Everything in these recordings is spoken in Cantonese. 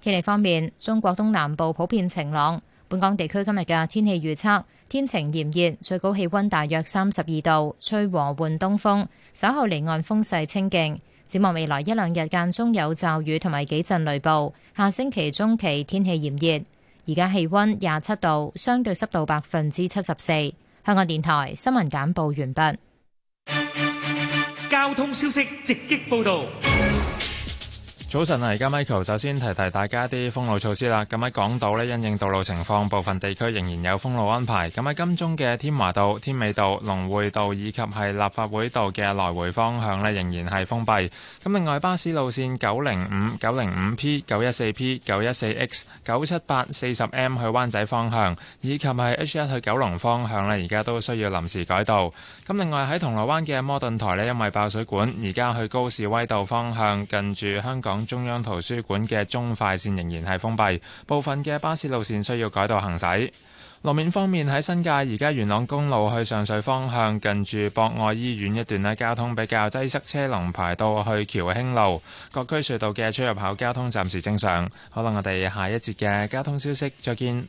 天氣方面，中國東南部普遍晴朗。本港地區今日嘅天氣預測，天晴炎熱，最高氣溫大約三十二度，吹和緩東風。稍後離岸風勢清勁。展望未來一兩日間中有驟雨同埋幾陣雷暴。下星期中期天氣炎熱。而家氣溫廿七度，相對濕度百分之七十四。香港電台新聞簡報完畢。交通消息直擊報道。早晨啊，而家 Michael 首先提提大家啲封路措施啦。咁喺港島呢，因應道路情況，部分地區仍然有封路安排。咁喺金鐘嘅天華道、天美道、龍匯道以及係立法會道嘅來回方向呢，仍然係封閉。咁另外巴士路線九零五、九零五 P、九一四 P、九一四 X、九七八、四十 M 去灣仔方向，以及係 H 一去九龍方向呢，而家都需要臨時改道。咁另外喺銅鑼灣嘅摩頓台呢，因為爆水管，而家去高士威道方向近住香港中央圖書館嘅中快線仍然係封閉，部分嘅巴士路線需要改道行駛。路面方面喺新界，而家元朗公路去上水方向近住博愛醫院一段呢，交通比較擠塞，車龍排到去橋興路。各區隧道嘅出入口交通暫時正常。可能我哋下一節嘅交通消息再見。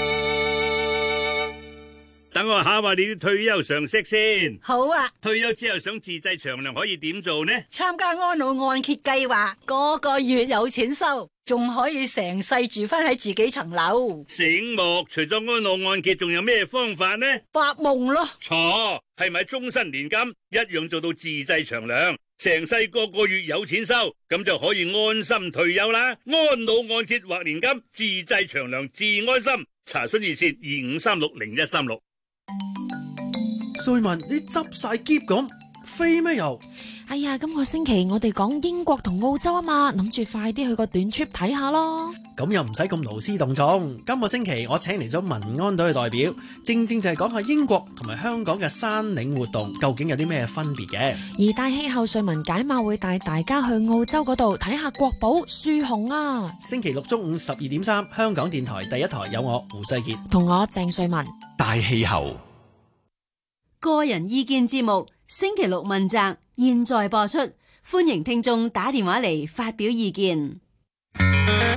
等我考下你啲退休常識先。好啊。退休之後想自製長糧可以點做呢？參加安老按揭計劃，個個月有錢收，仲可以成世住翻喺自己層樓。醒目，除咗安老按揭，仲有咩方法呢？發夢咯。錯，係咪終身年金一樣做到自製長糧，成世個個月有錢收，咁就可以安心退休啦。安老按揭或年金，自製長糧，自安心。查詢熱線二五三六零一三六。瑞文，你執晒篋咁。飛咩遊？哎呀，今個星期我哋講英國同澳洲啊嘛，諗住快啲去個短 trip 睇下咯。咁又唔使咁勞師動眾。今個星期我請嚟咗民安隊嘅代表，正正就係講下英國同埋香港嘅山嶺活動究竟有啲咩分別嘅。而大氣候瑞文解碼會帶大家去澳洲嗰度睇下國寶樹熊啊。星期六中午十二點三，3, 香港電台第一台有我胡世杰同我鄭瑞文大氣候個人意見節目。星期六問責，現在播出，歡迎聽眾打電話嚟發表意見。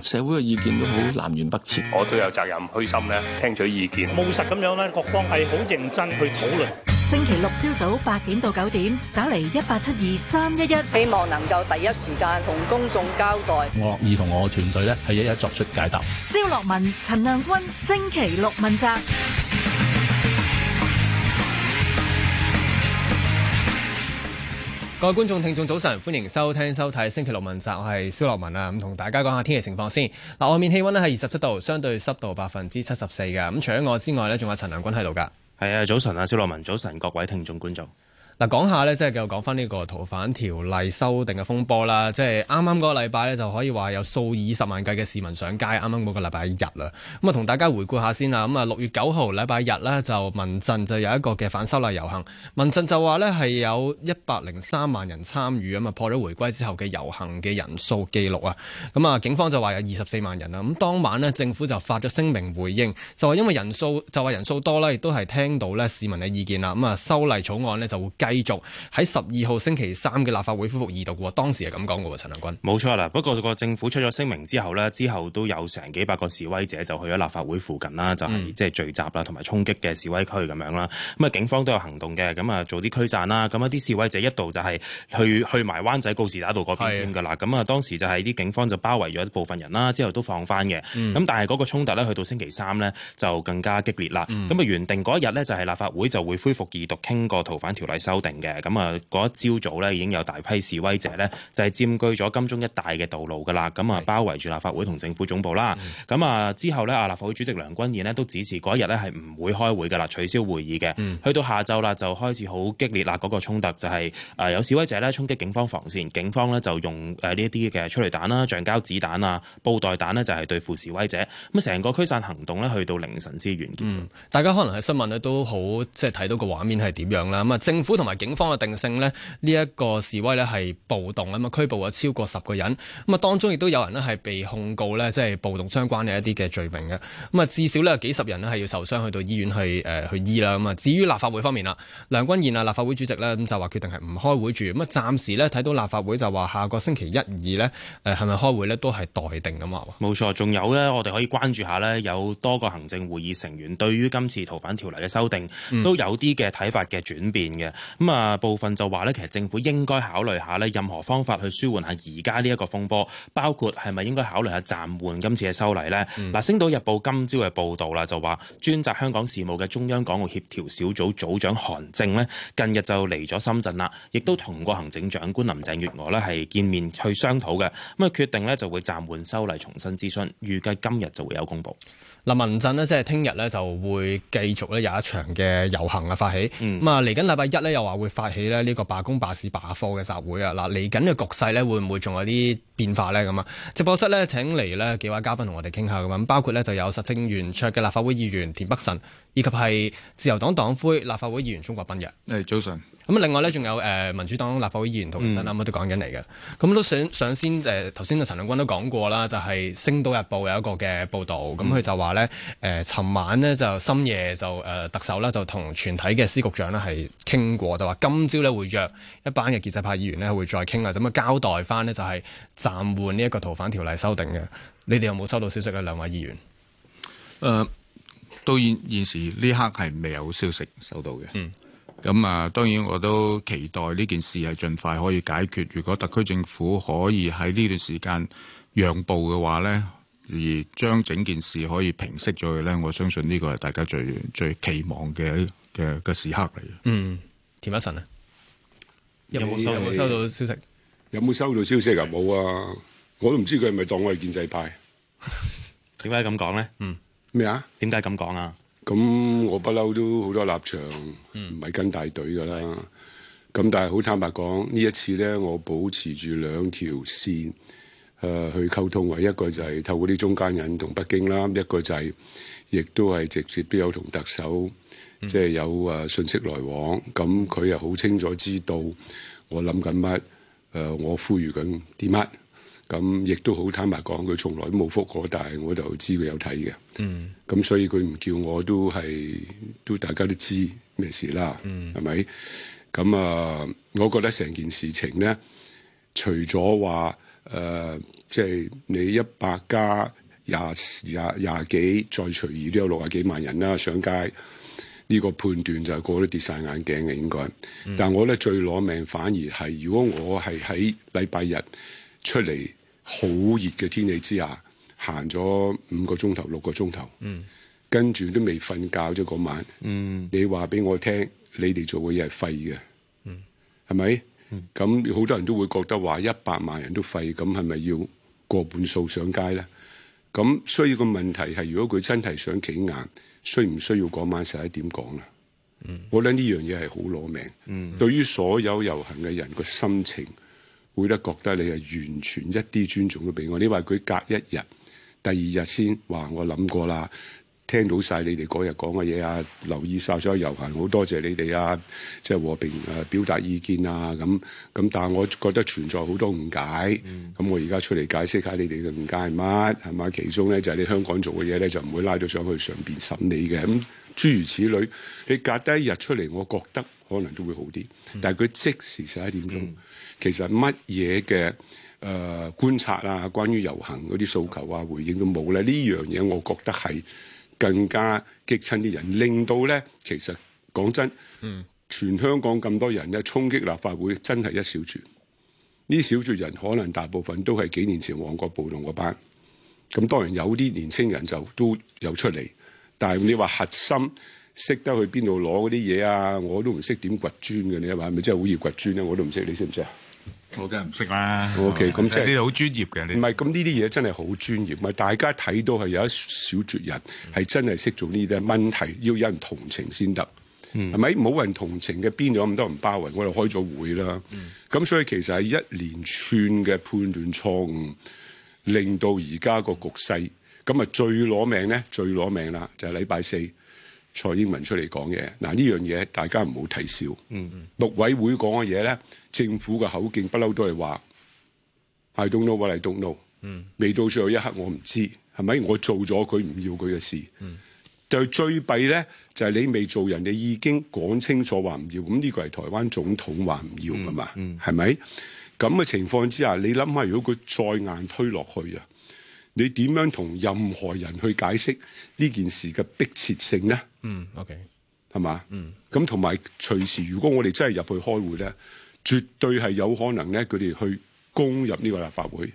社會嘅意見都好南轅北轍，我都有責任虛心咧聽取意見，務實咁樣咧，各方係好認真去討論。星期六朝早八點到九點，打嚟一八七二三一一，希望能夠第一時間同公眾交代。我樂意同我嘅團隊咧係一一作出解答。蕭洛汶、陳亮均，星期六問責。各位觀眾、聽眾，早晨，歡迎收聽、收睇《星期六問責》，我係蕭洛汶啊，咁同大家講下天氣情況先。嗱，外面氣温咧係二十七度，相對濕度百分之七十四嘅。咁除咗我之外呢，仲有陳亮均喺度噶。係啊，早晨啊，蕭洛汶，早晨各位聽眾觀眾。嗱，講下呢，即係繼續講翻呢個逃犯條例修訂嘅風波啦，即係啱啱嗰個禮拜呢，就可以話有數以十萬計嘅市民上街，啱啱嗰個禮拜日啦。咁、嗯、啊，同大家回顧下先啦。咁、嗯、啊，六月九號禮拜日呢，就民陣就有一個嘅反修例遊行，民陣就話呢，係有一百零三萬人參與，咁、嗯、啊破咗回歸之後嘅遊行嘅人數記錄啊。咁、嗯、啊，警方就話有二十四萬人啦。咁、嗯、當晚呢，政府就發咗聲明回應，就話因為人數就話人數多啦，亦都係聽到呢市民嘅意見啦。咁、嗯、啊，修例草案呢。就會繼續喺十二號星期三嘅立法會恢復二讀，當時係咁講嘅喎，陳亮均。冇錯啦，不過個政府出咗聲明之後呢，之後都有成幾百個示威者就去咗立法會附近啦，就係即係聚集啦，同埋衝擊嘅示威區咁樣啦。咁啊、嗯，警方都有行動嘅，咁啊做啲驅散啦。咁啊，啲示威者一度就係去去埋灣仔告士打道嗰邊添㗎啦。咁啊的，當時就係啲警方就包圍咗一部分人啦，之後都放翻嘅。咁、嗯、但係嗰個衝突呢，去到星期三呢，就更加激烈啦。咁啊、嗯，原定嗰一日呢，就係立法會就會恢復二讀傾個逃犯條例固定嘅咁啊，嗰一朝早呢，已經有大批示威者呢，就係佔據咗金鐘一帶嘅道路噶啦，咁啊包圍住立法會同政府總部啦。咁啊之後呢，啊立法會主席梁君彥呢，都指示嗰一日呢，係唔會開會嘅啦，取消會議嘅。去到下晝啦，就開始好激烈啦，嗰個衝突就係、是、誒有示威者呢，衝擊警方防線，警方呢，就用誒呢一啲嘅催淚彈啦、橡膠子彈啊、布袋彈呢，就係對付示威者。咁成個驅散行動呢，去到凌晨先完結。嗯，大家可能喺新聞呢，都好即係睇到個畫面係點樣啦。咁啊政府同同埋警方嘅定性呢，呢一個示威呢係暴動。咁啊，拘捕啊超過十個人，咁啊，當中亦都有人呢係被控告呢，即係暴動相關嘅一啲嘅罪名嘅。咁啊，至少呢幾十人呢係要受傷，去到醫院去誒去醫啦。咁啊，至於立法會方面啦，梁君彥啊，立法會主席呢，咁就話決定係唔開會住。咁啊，暫時呢，睇到立法會就話下個星期一二呢誒係咪開會呢都係待定啊嘛。冇錯，仲有呢，我哋可以關注下呢，有多個行政會議成員對於今次逃犯條例嘅修訂都有啲嘅睇法嘅轉變嘅。咁啊，部分就話咧，其實政府應該考慮下咧，任何方法去舒緩下而家呢一個風波，包括係咪應該考慮下暫緩今次嘅修例呢？嗱、嗯，《星島日報》今朝嘅報道啦，就話專責香港事務嘅中央港澳協調小組組,組長韓正咧，近日就嚟咗深圳啦，亦都同個行政長官林鄭月娥咧係見面去商討嘅，咁啊決定咧就會暫緩修例重新諮詢，預計今日就會有公佈。嗱，民陣呢，即係聽日呢就會繼續咧有一場嘅遊行啊發起，咁啊嚟緊禮拜一呢，又話會發起咧呢個罷工、罷市、罷課嘅集會啊！嗱，嚟緊嘅局勢呢，會唔會仲有啲變化呢？咁啊，直播室呢，請嚟呢幾位嘉賓同我哋傾下咁咁包括呢就有實政圓桌嘅立法會議員田北辰，以及係自由黨黨魁立法會議員鍾國斌嘅。誒，早晨。咁另外咧仲有誒民主黨立法會議員同林振南都講緊嚟嘅，咁都想上先誒。頭先阿陳亮均都講過啦，就係、是《星島日報》有一個嘅報導，咁佢、嗯、就話咧誒，尋晚呢，就深夜就誒特首咧就同全體嘅司局長呢，係傾過，就話今朝咧會約一班嘅建制派議員呢，會再傾啊，咁啊交代翻呢，就係暫緩呢一個逃犯條例修訂嘅。你哋有冇收到消息咧，兩位議員？誒、呃，到現現時呢刻係未有消息收到嘅。嗯。咁啊，當然我都期待呢件事係盡快可以解決。如果特區政府可以喺呢段時間讓步嘅話咧，而將整件事可以平息咗嘅咧，我相信呢個係大家最最期望嘅嘅嘅時刻嚟。嗯，田北辰啊，有冇收，是收到消息？有冇收到消息啊？冇啊！我都唔知佢係咪當我係建制派？點解咁講咧？嗯，咩啊麼？點解咁講啊？咁、嗯、我不嬲都好多立場唔係跟大隊㗎啦。咁、嗯、但係好坦白講，呢一次呢，我保持住兩條線、呃、去溝通，一個就係透過啲中間人同北京啦，一個就係、是、亦都係直接都有同特首即係、就是、有誒、啊、信息來往。咁佢、嗯、又好清楚知道我諗緊乜，我呼籲緊啲乜。咁亦都好坦白講，佢從來冇覆過，但係我就知佢有睇嘅。咁、嗯、所以佢唔叫我都係，都大家都知咩事啦，係咪、嗯？咁啊，我覺得成件事情咧，除咗話即係你一百加廿廿廿幾，再隨意都有六十幾萬人啦上街，呢、呢個判斷就係個個都跌晒眼鏡嘅應該。嗯、但我咧最攞命反而係，如果我係喺禮拜日出嚟。好熱嘅天氣之下，行咗五個鐘頭、六個鐘頭，嗯、跟住都未瞓覺咗嗰晚。嗯、你話俾我聽，你哋做嘅嘢係廢嘅，係咪？咁好多人都會覺得話一百萬人都廢，咁係咪要過半數上街呢？咁需要個問題係，如果佢真係想企硬，需唔需要嗰晚十一點講啦？嗯、我覺得呢樣嘢係好攞命。嗯、對於所有遊行嘅人個心情。會咧覺得你係完全一啲尊重都俾我，你話佢隔一日，第二日先話我諗過啦，聽到晒你哋嗰日講嘅嘢啊，留意晒所有遊行，好多謝你哋啊，即係和平誒表達意見啊咁，咁但係我覺得存在好多誤解，咁我而家出嚟解釋下你哋嘅誤解係乜，係嘛？其中咧就係你香港做嘅嘢咧就唔會拉到上去上邊審理嘅。嗯諸如此類，你隔低一日出嚟，我覺得可能都會好啲。嗯、但係佢即時十一點鐘，嗯、其實乜嘢嘅誒觀察啊，關於遊行嗰啲訴求啊，回應都冇咧。呢、嗯、樣嘢，我覺得係更加激親啲人，令到咧，其實講真，嗯、全香港咁多人咧衝擊立法會，真係一小撮。呢小撮人可能大部分都係幾年前旺角暴動嗰班。咁當然有啲年青人，就都有出嚟。但係你話核心識得去邊度攞嗰啲嘢啊？我都唔識點掘磚嘅，你話係咪？咪真係好易掘磚咧？我都唔識，你識唔識啊？我梗係唔識啦。OK，咁即係你好專業嘅。你唔係，咁呢啲嘢真係好專業。唔係大家睇到係有一小撮人係真係識做呢啲問題，要有人同情先得。係咪、嗯？冇人同情嘅，邊度咁多人包圍我哋開咗會啦？咁、嗯、所以其實係一連串嘅判斷錯誤，令到而家個局勢、嗯。咁啊，最攞命咧，最攞命啦！就係禮拜四，蔡英文出嚟講嘢。嗱，呢樣嘢大家唔好睇小。陸、mm hmm. 委會講嘅嘢咧，政府嘅口徑不嬲都係話，係動怒或者係動怒。Mm hmm. 未到最後一刻我不，我唔知係咪我做咗佢唔要佢嘅事。Mm hmm. 就最弊咧，就係、是、你未做人，你已經講清楚話唔要。咁呢個係台灣總統話唔要噶嘛？係咪？咁嘅情況之下，你諗下，如果佢再硬推落去啊？你點樣同任何人去解釋呢件事嘅迫切性咧？嗯，OK，係嘛？嗯，咁同埋隨時，如果我哋真係入去開會咧，絕對係有可能咧，佢哋去攻入呢個立法會。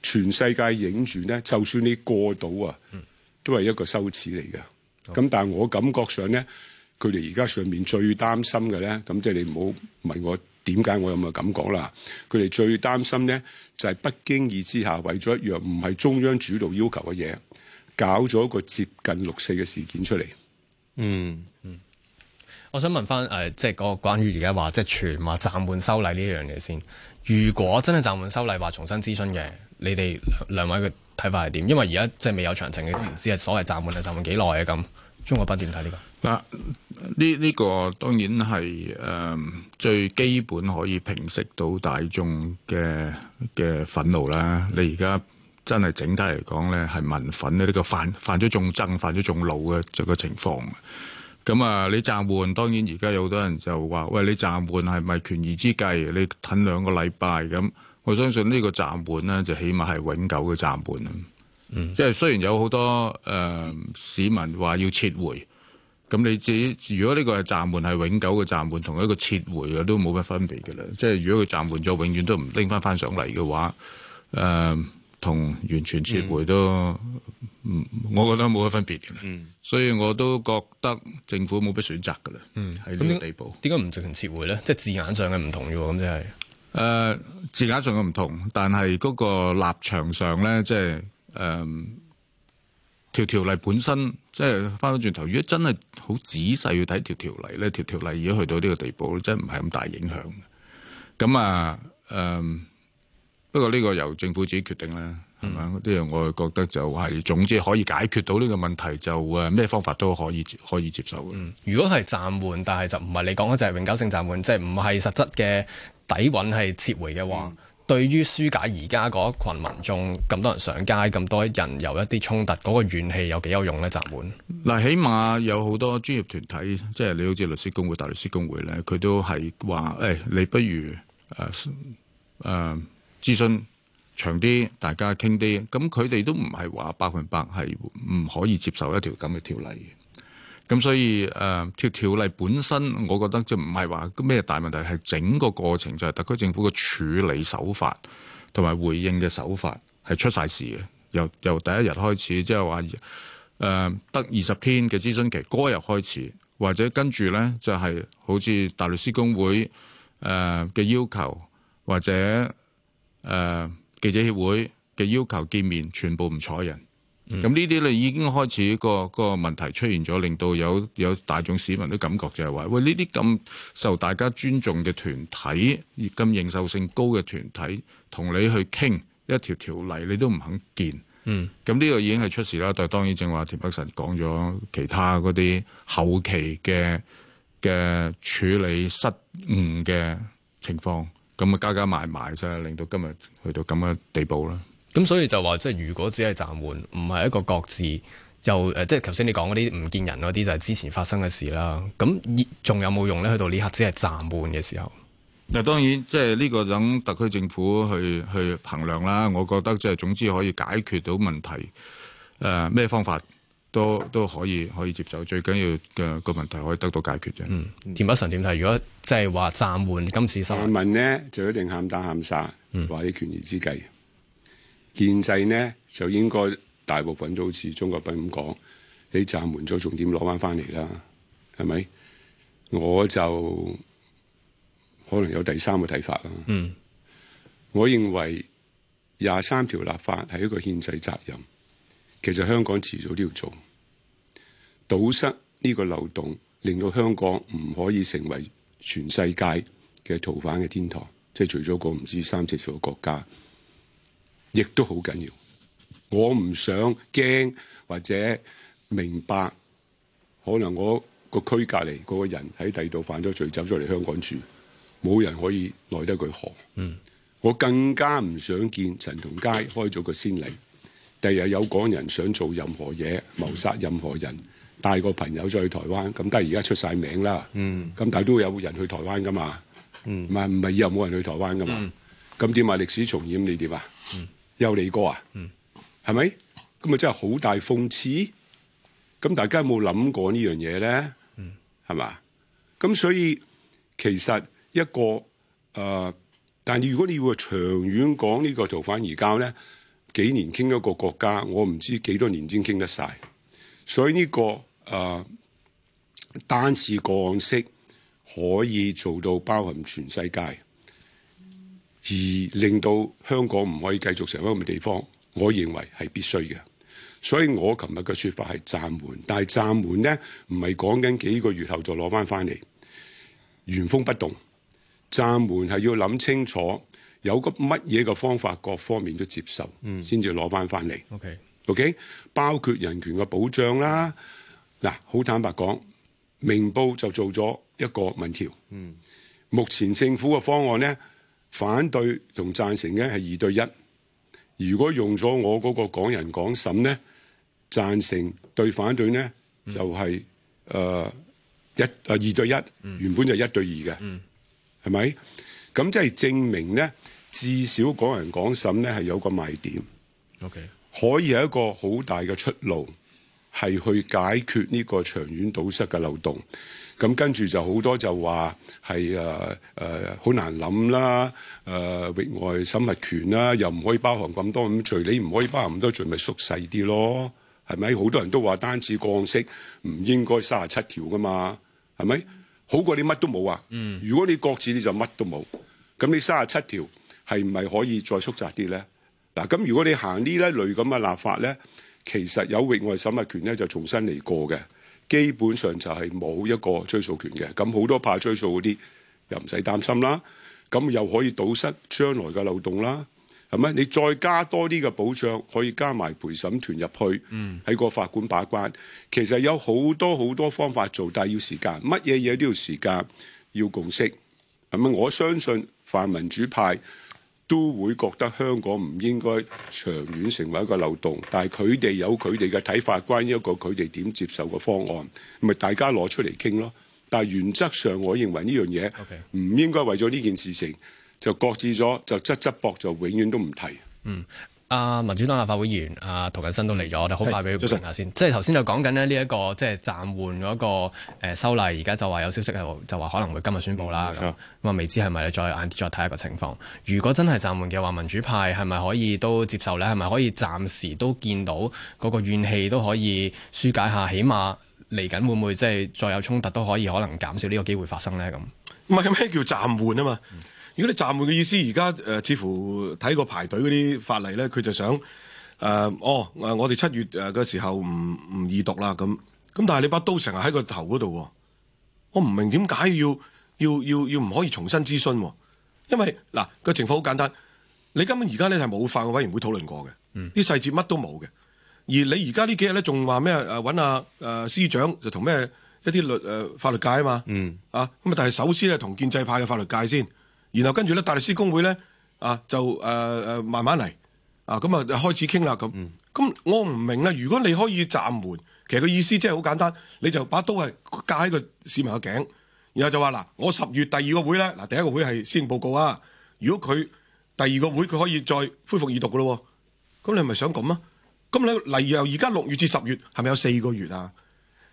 全世界影住咧，就算你過到啊，mm. 都係一個羞恥嚟嘅。咁 Okay. 但係我感覺上咧，佢哋而家上面最擔心嘅咧，咁即係你唔好問我。點解我有咁嘅感覺啦？佢哋最擔心咧，就係不經意之下為咗一樣唔係中央主導要求嘅嘢，搞咗一個接近六四嘅事件出嚟。嗯嗯，我想問翻誒，即係嗰個關於而家話即係傳話暫緩修例呢樣嘢先。如果真係暫緩修例話重新諮詢嘅，你哋兩,兩位嘅睇法係點？因為而家即係未有詳情嘅，唔知係所謂暫緩係暫緩幾耐嘅咁。鍾國斌點睇呢個？嗱、啊，呢呢、這個當然係誒、嗯、最基本可以平息到大眾嘅嘅憤怒啦。你而家真係整體嚟講咧，係民憤咧，呢、這個犯犯咗眾憎、犯咗眾怒嘅個情況。咁、嗯、啊，你暫緩，當然而家有好多人就話：喂，你暫緩係咪權宜之計？你褪兩個禮拜咁，我相信這個暫呢個暫緩咧，就起碼係永久嘅暫緩啦。嗯，即係雖然有好多誒、呃、市民話要撤回，咁你自如果呢個係暫緩係永久嘅暫緩，同一個撤回嘅都冇乜分別嘅啦。即係如果佢暫緩咗，永遠都唔拎翻翻上嚟嘅話，誒、呃，同完全撤回都，嗯、我覺得冇乜分別嘅啦。嗯，所以我都覺得政府冇乜選擇噶啦。嗯，喺呢個地步，點解唔直行撤回咧？即係字眼上嘅唔同嘅咁，即係誒，字眼上嘅唔同，但係嗰個立場上咧，即係。誒，條條、嗯、例本身即係翻到轉頭，如果真係好仔細去睇條條例咧，條條例如果去到呢個地步，真係唔係咁大影響嘅。咁啊，誒、嗯，不過呢個由政府自己決定啦，係嘛？呢樣、嗯、我覺得就係總之可以解決到呢個問題，就誒咩方法都可以可以接受嘅、嗯。如果係暫緩，但係就唔係你講嘅就係永久性暫緩，即係唔係實質嘅底蘊係撤回嘅話。嗯對於疏解而家嗰群民眾，咁多人上街，咁多人有一啲衝突，嗰、那個怨氣有幾有用呢？集滿嗱，起碼有好多專業團體，即係你好似律師公會、大律師公會呢，佢都係話誒，你不如誒誒諮詢長啲，大家傾啲，咁佢哋都唔係話百分百係唔可以接受一條咁嘅條例。咁所以誒條條例本身，我覺得就唔係話咩大問題，係整個過程就係特區政府嘅處理手法同埋回應嘅手法係出晒事嘅。由由第一日開始，即係話誒得二十天嘅諮詢期嗰日開始，或者跟住咧就係、是、好似大律師公會誒嘅、呃、要求，或者誒、呃、記者協會嘅要求見面，全部唔睬人。咁呢啲你已經開始個個問題出現咗，令到有有大眾市民都感覺就係話：喂，呢啲咁受大家尊重嘅團體，咁認受性高嘅團體，同你去傾一條條例，你都唔肯見。嗯，咁呢個已經係出事啦。但係當然正話，田北辰講咗其他嗰啲後期嘅嘅處理失誤嘅情況，咁加加埋埋，就係令到今日去到咁嘅地步啦。咁所以就話，即係如果只係暫緩，唔係一個各自，又誒、呃，即係頭先你講嗰啲唔見人嗰啲，就係、是、之前發生嘅事啦。咁仲有冇用咧？去到呢刻只係暫緩嘅時候，嗱，當然即係呢個等特區政府去去衡量啦。我覺得即、就、係、是、總之可以解決到問題，誒、呃，咩方法都都可以可以接受，最緊要嘅、那個問題可以得到解決啫。嗯，田北辰點睇？如果即係話暫緩今次新聞呢，就一定喊打喊殺，話啲權宜之計。嗯建制呢，就應該大部分都好似鍾國斌咁講，你暫緩咗重點攞翻翻嚟啦，係咪？我就可能有第三個睇法啦。嗯，我認為廿三條立法係一個憲制責任，其實香港遲早都要做，堵塞呢個漏洞，令到香港唔可以成為全世界嘅逃犯嘅天堂，即係除咗個唔知三四十個國家。亦都好緊要，我唔想驚或者明白，可能我個區隔離嗰個人喺第二度犯咗罪，走咗嚟香港住，冇人可以耐得佢何。嗯，我更加唔想見陳同佳開咗個先例，第日有港人想做任何嘢，謀殺任何人，帶個朋友再去台灣，咁但係而家出晒名啦。嗯，咁但係都會有人去台灣噶嘛。唔係唔係以後冇人去台灣噶嘛。咁點啊？歷史重演你點啊？嗯又嚟過啊？嗯是，係咪？咁咪真係好大諷刺？咁大家有冇諗過這件事呢樣嘢咧？嗯，係嘛？咁所以其實一個誒、呃，但係如果你要長遠講呢個逃犯移交咧，幾年傾一個國家，我唔知幾多年先傾得晒。所以呢、這個誒、呃、單次個案式可以做到包含全世界。而令到香港唔可以繼續成為一個地方，我認為係必須嘅。所以，我琴日嘅説法係暫緩，但係暫緩呢，唔係講緊幾個月後就攞翻翻嚟原封不動。暫緩係要諗清楚有個乜嘢嘅方法，各方面都接受，先至攞翻翻嚟。OK，OK，Okay.、okay? 包括人權嘅保障啦。嗱，好坦白講，明報就做咗一個民調。嗯、目前政府嘅方案呢。反對同贊成咧係二對一，如果用咗我嗰個港人港審咧，贊成對反對咧就係、是、誒、嗯呃、一誒、呃、二對一，嗯、原本就係一對二嘅，係咪，嗯？咁即係證明咧，至少港人港審咧係有個賣點，OK，可以有一個好大嘅出路，係去解決呢個長遠堵塞嘅漏洞。咁跟住就好多就話係誒誒好難諗啦，誒、呃、域外審物權啦，又唔可以包含咁多咁罪，你唔可以包含咁多罪，咪縮細啲咯？係咪？好多人都話單止降息唔應該三十七條噶嘛？係咪？好過你乜都冇啊？嗯，如果你擱置就你就乜都冇，咁你三十七條係咪可以再縮窄啲咧？嗱，咁如果你行呢一類咁嘅立法咧，其實有域外審物權咧就重新嚟過嘅。基本上就係冇一個追訴權嘅，咁好多怕追訴嗰啲又唔使擔心啦，咁又可以堵塞將來嘅漏洞啦，係咪？你再加多啲嘅保障，可以加埋陪審團入去，喺、嗯、個法官把關。其實有好多好多方法做，但係要時間，乜嘢嘢都要時間，要共識，係咪？我相信泛民主派。都會覺得香港唔應該長遠成為一個漏洞，但係佢哋有佢哋嘅睇法，關於一個佢哋點接受嘅方案，咪大家攞出嚟傾咯。但係原則上，我認為呢樣嘢唔應該為咗呢件事情 Okay. 就擱置咗，就側側膊就永遠都唔提。嗯。啊，民主黨立法會議員啊，涂謹申都嚟咗，我哋好快俾佢講下先。即係頭先就講緊呢一個即係暫緩嗰、那個、呃、修例，而家就話有消息就話可能會今日宣布啦。咁啊、嗯，未知係咪你再晏啲再睇一個情況。如果真係暫緩嘅話，民主派係咪可以都接受咧？係咪可以暫時都見到嗰個怨氣都可以疏解下？起碼嚟緊會唔會即係再有衝突都可以可能減少呢個機會發生咧？咁唔係咁咩叫暫緩啊？嘛。嗯。如果你暫緩嘅意思，而家誒似乎睇個排隊嗰啲法例咧，佢就想誒、呃，哦誒，我哋七月誒嘅時候唔唔易讀啦，咁咁，但係你把刀成日喺個頭嗰度，我唔明點解要要要要唔可以重新諮詢？因為嗱個、呃、情況好簡單，你根本而家咧係冇法務委員會討論過嘅，啲、嗯、細節乜都冇嘅，而你而家呢幾日咧仲話咩誒揾阿誒司長就同咩一啲律誒、啊、法律界啊嘛，啊咁、嗯、啊，但係首先咧同建制派嘅法律界先。然後跟住咧，大律師公會咧，啊就誒誒、呃呃、慢慢嚟，啊咁啊就開始傾啦咁。咁、嗯、我唔明啦，如果你可以暫緩，其實個意思即係好簡單，你就把刀係架喺個市民嘅頸，然後就話嗱，我十月第二個會咧，嗱第一個會係先報告啊。如果佢第二個會佢可以再恢復二讀噶咯，咁你係咪想咁啊？咁你例如、啊、由而家六月至十月，係咪有四個月啊？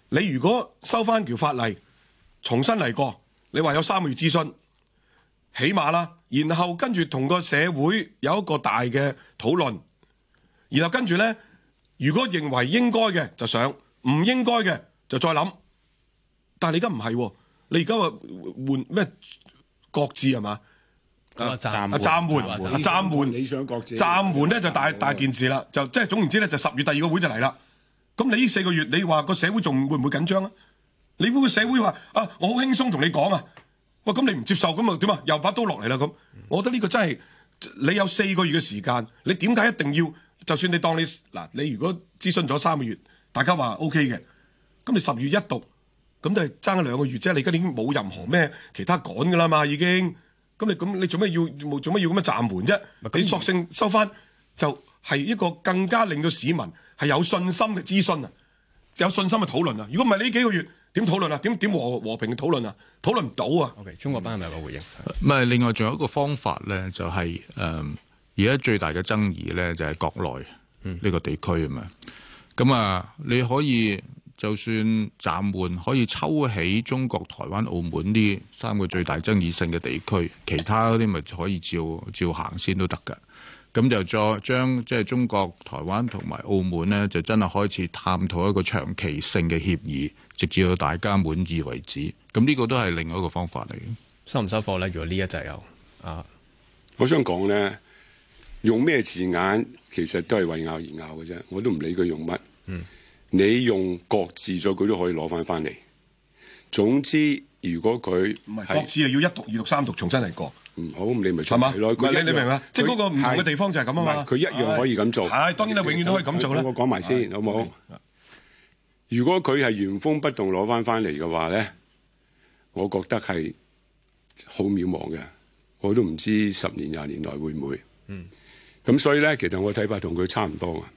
你如果收翻條法例，重新嚟過，你話有三個月諮詢。起碼啦，然後跟住同個社會有一個大嘅討論，然後跟住咧，如果認為應該嘅就想，唔應該嘅就再諗。但係你而家唔係，你而家話換咩國字係嘛？暫緩，暫緩，暫緩。你想國字？暫緩咧就大就大件事啦，就即係總言之咧就十月第二個會就嚟啦。咁你呢四個月你話個社會仲會唔會緊張咧？你估個社會話啊，我好輕鬆同你講啊？喂，咁、哦、你唔接受咁啊？點啊？又把刀落嚟啦咁，我覺得呢個真係你有四個月嘅時間，你點解一定要？就算你當你嗱，你如果諮詢咗三個月，大家話 O K 嘅，咁你十月一讀，咁就係爭咗兩個月啫。你而家已經冇任何咩其他趕㗎啦嘛，已經。咁你咁你做咩要冇做咩要咁樣暫緩啫？你索性收翻就係、是、一個更加令到市民係有信心嘅諮詢啊，有信心嘅討論啊。如果唔係呢幾個月。點討論啊？點點和和平嘅討論啊？討論唔到啊！OK，中國班係咪有個回應？咁啊，另外仲有一個方法咧，就係誒，而家最大嘅爭議咧就係國內呢個地區啊嘛。咁啊，你可以就算暫緩，可以抽起中國、台灣、澳門呢三個最大爭議性嘅地區，其他啲咪可以照照行先都得㗎。咁就再將即係中國、台灣同埋澳門咧，就真係開始探討一個長期性嘅協議。直至到大家滿意為止，咁呢個都係另外一個方法嚟嘅。收唔收貨咧？如果呢一隻有啊，我想講咧，用咩字眼其實都係為拗而拗嘅啫，我都唔理佢用乜。你用國字擱置咗，佢都可以攞翻翻嚟。總之，如果佢擱置啊，要一讀、二讀、三讀，重新嚟過。嗯，好，你咪出嘛？唔係你你明嘛？即係嗰個唔同嘅地方就係咁啊嘛。佢一樣可以咁做。係，當然啦，永遠都可以咁做啦。我講埋先，好唔好？如果佢係原封不動攞翻翻嚟嘅話咧，我覺得係好渺茫嘅，我都唔知十年廿年內會唔會。嗯，咁所以咧，其實我睇法同佢差唔多啊，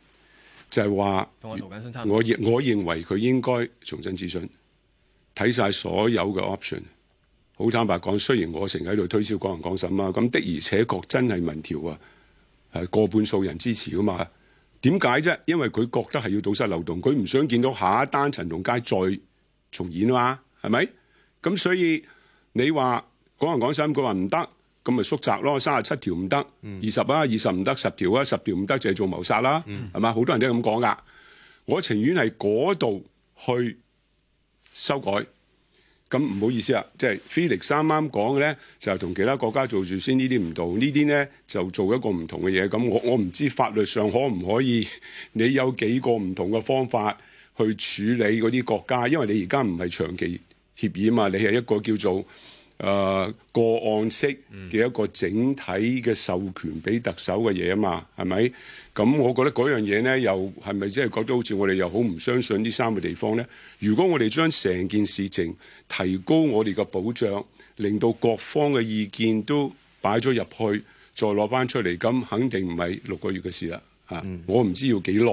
就係、是、話我同緊我，我認為佢應該重新諮詢，睇晒所有嘅 option。好坦白講，雖然我成日喺度推銷港人港審啊，咁的而且確真係民調啊，係過半數人支持噶嘛。啊點解啫？因為佢覺得係要堵塞漏洞，佢唔想見到下一單陳同佳再重演啊嘛，係咪？咁所以你話講人講深，佢話唔得，咁咪縮窄咯，三十七條唔、啊啊、得，二十啊，二十唔得，十條啊，十條唔得淨係做謀殺啦、啊，係嘛？好、嗯、多人都係咁講噶，我情願係嗰度去修改。咁唔好意思啊，即係 Felix 啱講嘅呢，就係、是、同其他國家做住先呢啲唔同，呢啲呢就做一個唔同嘅嘢。咁我我唔知法律上可唔可以，你有幾個唔同嘅方法去處理嗰啲國家，因為你而家唔係長期協議啊嘛，你係一個叫做，誒、呃、個案式嘅一個整體嘅授權俾特首嘅嘢啊嘛，係咪、嗯？咁我覺得嗰樣嘢咧，又係咪即係覺得好似我哋又好唔相信呢三個地方咧？如果我哋將成件事情提高我哋嘅保障，令到各方嘅意見都擺咗入去，再攞翻出嚟，咁肯定唔係六個月嘅事啦、嗯嗯。啊，我唔知要幾耐，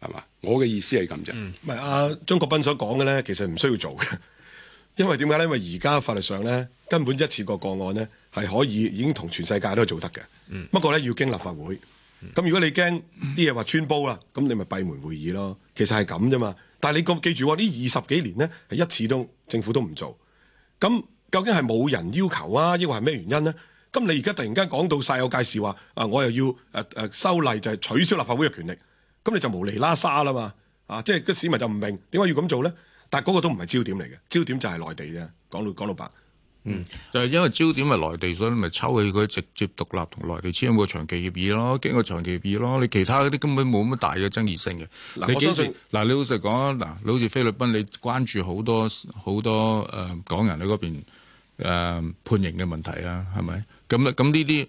係嘛？我嘅意思係咁啫。唔係阿鍾國斌所講嘅咧，其實唔需要做嘅。因為點解咧？因為而家法律上咧，根本一次個個案咧係可以已經同全世界都做得嘅。嗯、不過咧要經立法會。咁、嗯、如果你驚啲嘢話穿煲啦，咁、嗯、你咪閉門會議咯。其實係咁啫嘛。但係你個記住喎，呢二十幾年咧係一次都政府都唔做。咁究竟係冇人要求啊，抑或係咩原因咧？咁你而家突然間講到晒，有介事話啊，我又要誒誒、呃呃、修例就係取消立法會嘅權力。咁你就無釐啦沙啦嘛。啊，即係啲市民就唔明點解要咁做咧？但係嗰個都唔係焦點嚟嘅，焦點就係內地嘅，講到講到白，嗯，就係因為焦點係內地，所以咪抽起佢直接獨立同內地簽個長期協議咯，經過長期協議咯。你其他嗰啲根本冇乜大嘅爭議性嘅。你幾時嗱？你老實講啊嗱，你好似菲律賓，你關注好多好多誒、呃、港人喺嗰邊、呃、判刑嘅問題啊，係咪？咁咧，咁呢啲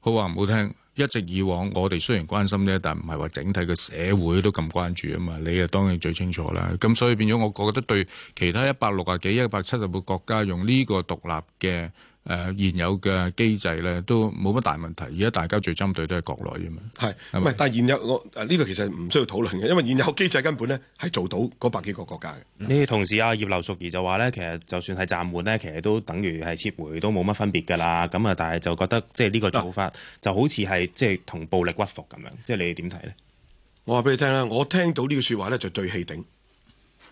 好話唔好聽。一直以往，我哋雖然關心啫，但唔係話整體嘅社會都咁關注啊嘛。你啊當然最清楚啦。咁所以變咗，我覺得對其他一百六啊幾一百七十個國家用呢個獨立嘅。誒、呃、現有嘅機制咧，都冇乜大問題。而家大家最針對都係國內啫嘛。係，唔係？但係現有我呢個其實唔需要討論嘅，因為現有機制根本咧係做到嗰百幾個國家嘅。你同事阿葉劉淑儀就話咧，其實就算係暫緩咧，其實都等於係撤回，都冇乜分別噶啦。咁啊，但係就覺得即係呢個做法就好似係即係同暴力屈服咁樣。啊、即係你哋點睇咧？我話俾你聽啦，我聽到呢個説話咧就對氣頂。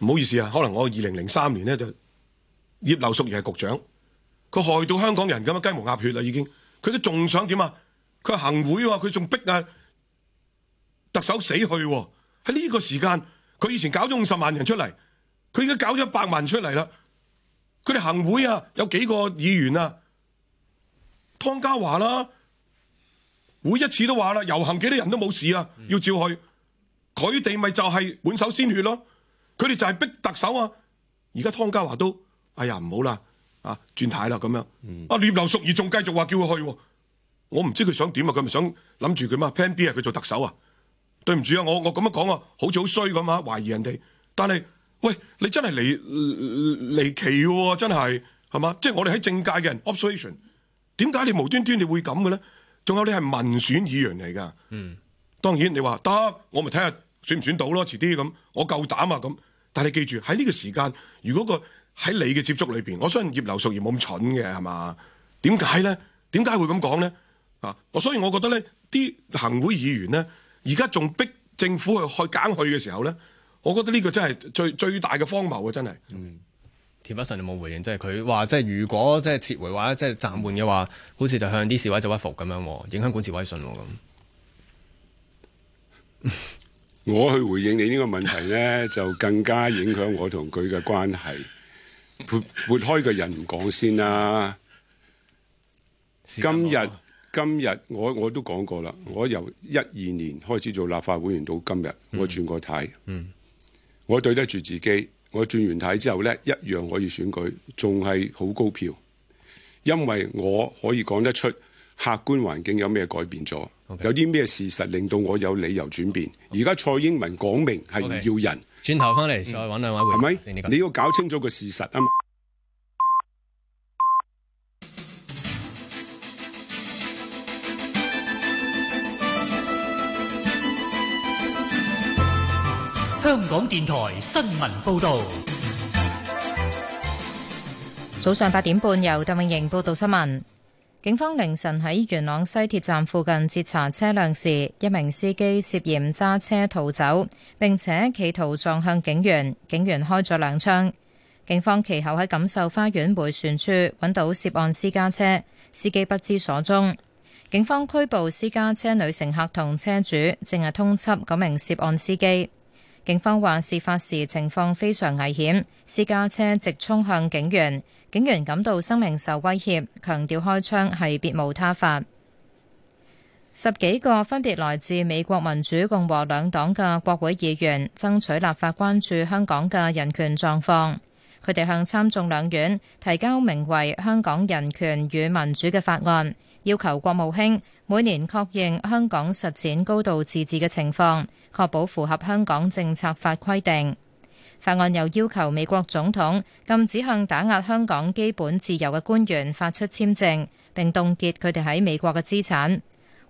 唔好意思啊，可能我二零零三年咧就葉劉淑儀係局長，佢害到香港人咁樣，雞毛鴨血啦已經。佢都仲想點啊？佢行會喎，佢仲逼啊特首死去喎。喺呢個時間，佢以前搞咗五十萬人出嚟，佢而家搞咗一百萬人出嚟啦。佢哋行會啊，有幾個議員啊？湯家驊啦，每一次都話啦，遊行幾多人都冇事啊，要照去。佢哋咪就係滿手鮮血咯。佢哋就係逼特首啊。而家湯家驊都，哎呀唔好啦。啊，轉軚啦咁樣，嗯、啊葉劉淑儀仲繼續話叫佢去、啊，我唔知佢想點啊，佢咪想諗住佢嘛？Plan B 係佢做特首啊，對唔住啊，我我咁樣講啊，好似好衰咁啊，懷疑人哋。但係喂，你真係離、呃、離奇喎、啊，真係係嘛？即係、就是、我哋喺政界嘅人 observation，點解你無端端你會咁嘅咧？仲有你係民選議員嚟㗎，嗯、當然你話得，我咪睇下選唔選到咯、啊，遲啲咁，我夠膽啊咁。但係你記住喺呢個時間，如果個喺你嘅接觸裏邊，我相信葉劉淑儀冇咁蠢嘅，係嘛？點解咧？點解會咁講咧？啊！我所以我覺得咧，啲行會議員咧，而家仲逼政府去去揀去嘅時候咧，我覺得呢個真係最最大嘅荒謬啊！真係。嗯，田北辰你冇回應，即係佢話即係如果即係撤回話，即係暫緩嘅話，好似就向啲示威就屈服咁樣，影響管治威信喎咁。 我去回應你呢個問題咧，就更加影響我同佢嘅關係。撥開嘅人唔講先啦。今日今日我我都講過啦，我由一二年開始做立法會員到今日，嗯、我轉過軚，嗯、我對得住自己。我轉完軚之後呢一樣可以選舉，仲係好高票，因為我可以講得出客觀環境有咩改變咗，Okay. 有啲咩事實令到我有理由轉變。而家 Okay. 蔡英文講明係唔要人。Okay. 轉頭翻嚟再搵兩位回應，你要搞清楚個事實吖嘛？香港電台新聞報道，早上八點半由鄧永盈報道新聞。警方凌晨喺元朗西鐵站附近截查車輛時，一名司機涉嫌揸車逃走，並且企圖撞向警員，警員開咗兩槍。警方其後喺錦繡花園迴旋處搵到涉案私家車，司機不知所蹤。警方拘捕私家車女乘客同車主，正係通緝嗰名涉案司機。警方話，事發時情況非常危險，私家車直衝向警員。警員感到生命受威脅，強調開槍係別無他法。十幾個分別來自美國民主共和兩黨嘅國會議員，爭取立法關注香港嘅人權狀況。佢哋向參眾兩院提交名為《香港人權與民主》嘅法案，要求國務卿每年確認香港實踐高度自治嘅情況，確保符合香港政策法規定。法案又要求美國總統禁止向打壓香港基本自由嘅官員發出簽證，並凍結佢哋喺美國嘅資產。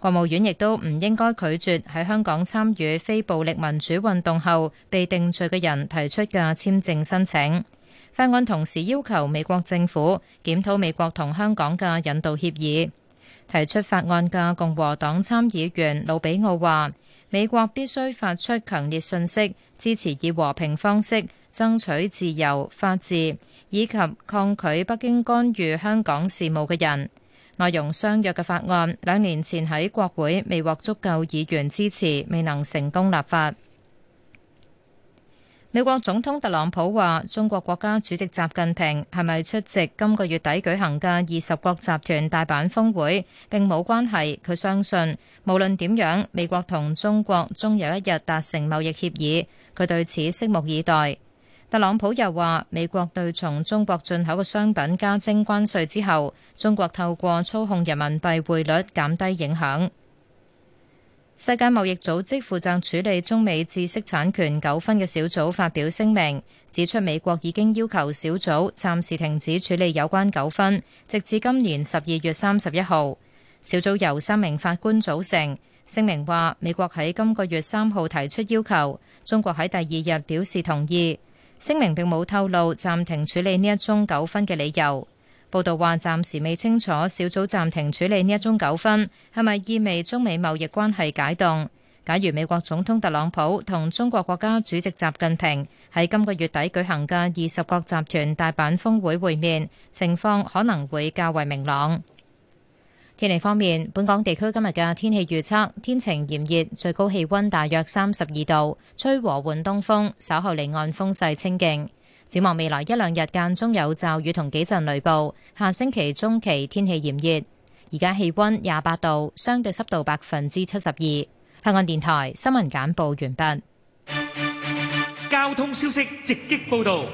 國務院亦都唔應該拒絕喺香港參與非暴力民主運動後被定罪嘅人提出嘅簽證申請。法案同時要求美國政府檢討美國同香港嘅引渡協議。提出法案嘅共和黨參議員魯比奧話：美國必須發出強烈訊息。支持以和平方式爭取自由、法治以及抗拒北京干預香港事務嘅人。內容相約嘅法案兩年前喺國會未獲足夠議員支持，未能成功立法。美國總統特朗普話中國國家主席習近平係咪出席今個月底舉行嘅二十國集團大阪峰會並冇關係，佢相信，無論點樣美國同中國終有一日達成貿易協議。佢對此拭目以待。特朗普又話：美國對從中國進口嘅商品加徵關稅之後，中國透過操控人民幣匯率減低影響。世界貿易組織負責處理中美知識產權糾紛嘅小組發表聲明，指出美國已經要求小組暫時停止處理有關糾紛，直至今年十二月三十一號。小組由三名法官組成。聲明話，美國喺今個月三號提出要求，中國喺第二日表示同意。聲明並冇透露暫停處理呢一宗糾紛嘅理由。報道話，暫時未清楚小組暫停處理呢一宗糾紛係咪意味中美貿易關係解凍。假如美國總統特朗普同中國國家主席習近平喺今個月底舉行嘅二十國集團大阪峰會會面，情況可能會較為明朗。天氣方面，本港地區今日嘅天氣預測天晴炎熱，最高氣溫大約三十二度，吹和緩東風，稍後離岸風勢清勁。展望未來一兩日間中有驟雨同幾陣雷暴，下星期中期天氣炎熱。而家氣溫廿八度，相對濕度百分之七十二。香港電台新聞簡報完畢。交通消息直擊報道。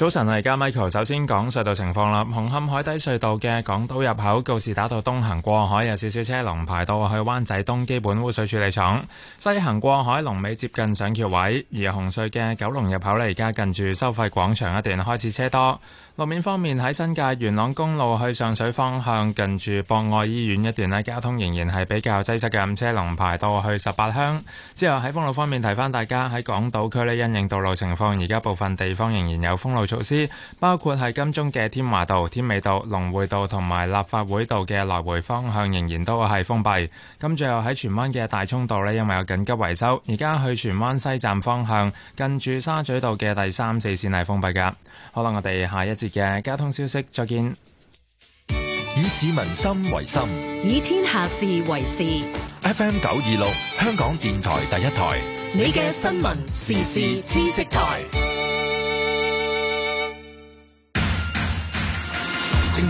早晨，而家 Michael。首先講隧道情況啦。紅磡海底隧道嘅港島入口告士打道東行過海有少少車龍排到去灣仔東基本污水處理廠，西行過海龍尾接近上橋位。而紅隧嘅九龍入口咧，而家近住收費廣場一段開始車多。路面方面喺新界元朗公路去上水方向近住博愛醫院一段咧，交通仍然係比較擠塞嘅，咁車龍排到去十八鄉之後，喺封路方面，提翻大家喺港島區咧，因應道路情況，而家部分地方仍然有封路。措施包括喺金鐘嘅添華道、添美道、龍匯道同埋立法會道嘅來回方向仍然都係封閉。咁最後喺荃灣嘅大涌道呢，因為有緊急維修，而家去荃灣西站方向近住沙咀道嘅第三、四線係封閉噶。好啦，我哋下一節嘅交通消息再見。以市民心為心，嗯、以天下事為事。FM 九二六，香港電台第一台，你嘅新聞時事知識台。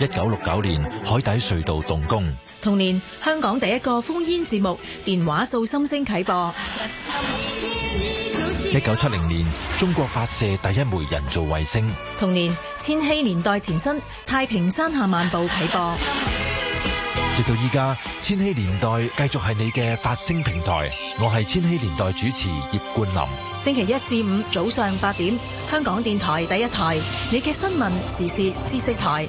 一九六九年海底隧道動工，同年香港第一個烽煙節目《電話掃心聲》啟播。一九七零年，中國發射第一枚人造衛星。同年，《千禧年代》前身《太平山下漫步》啟播，直到依家，《千禧年代》繼續係你嘅發聲平台。我係《千禧年代》主持葉冠林。星期一至五早上八點，香港電台第一台，你嘅新聞時事知識台。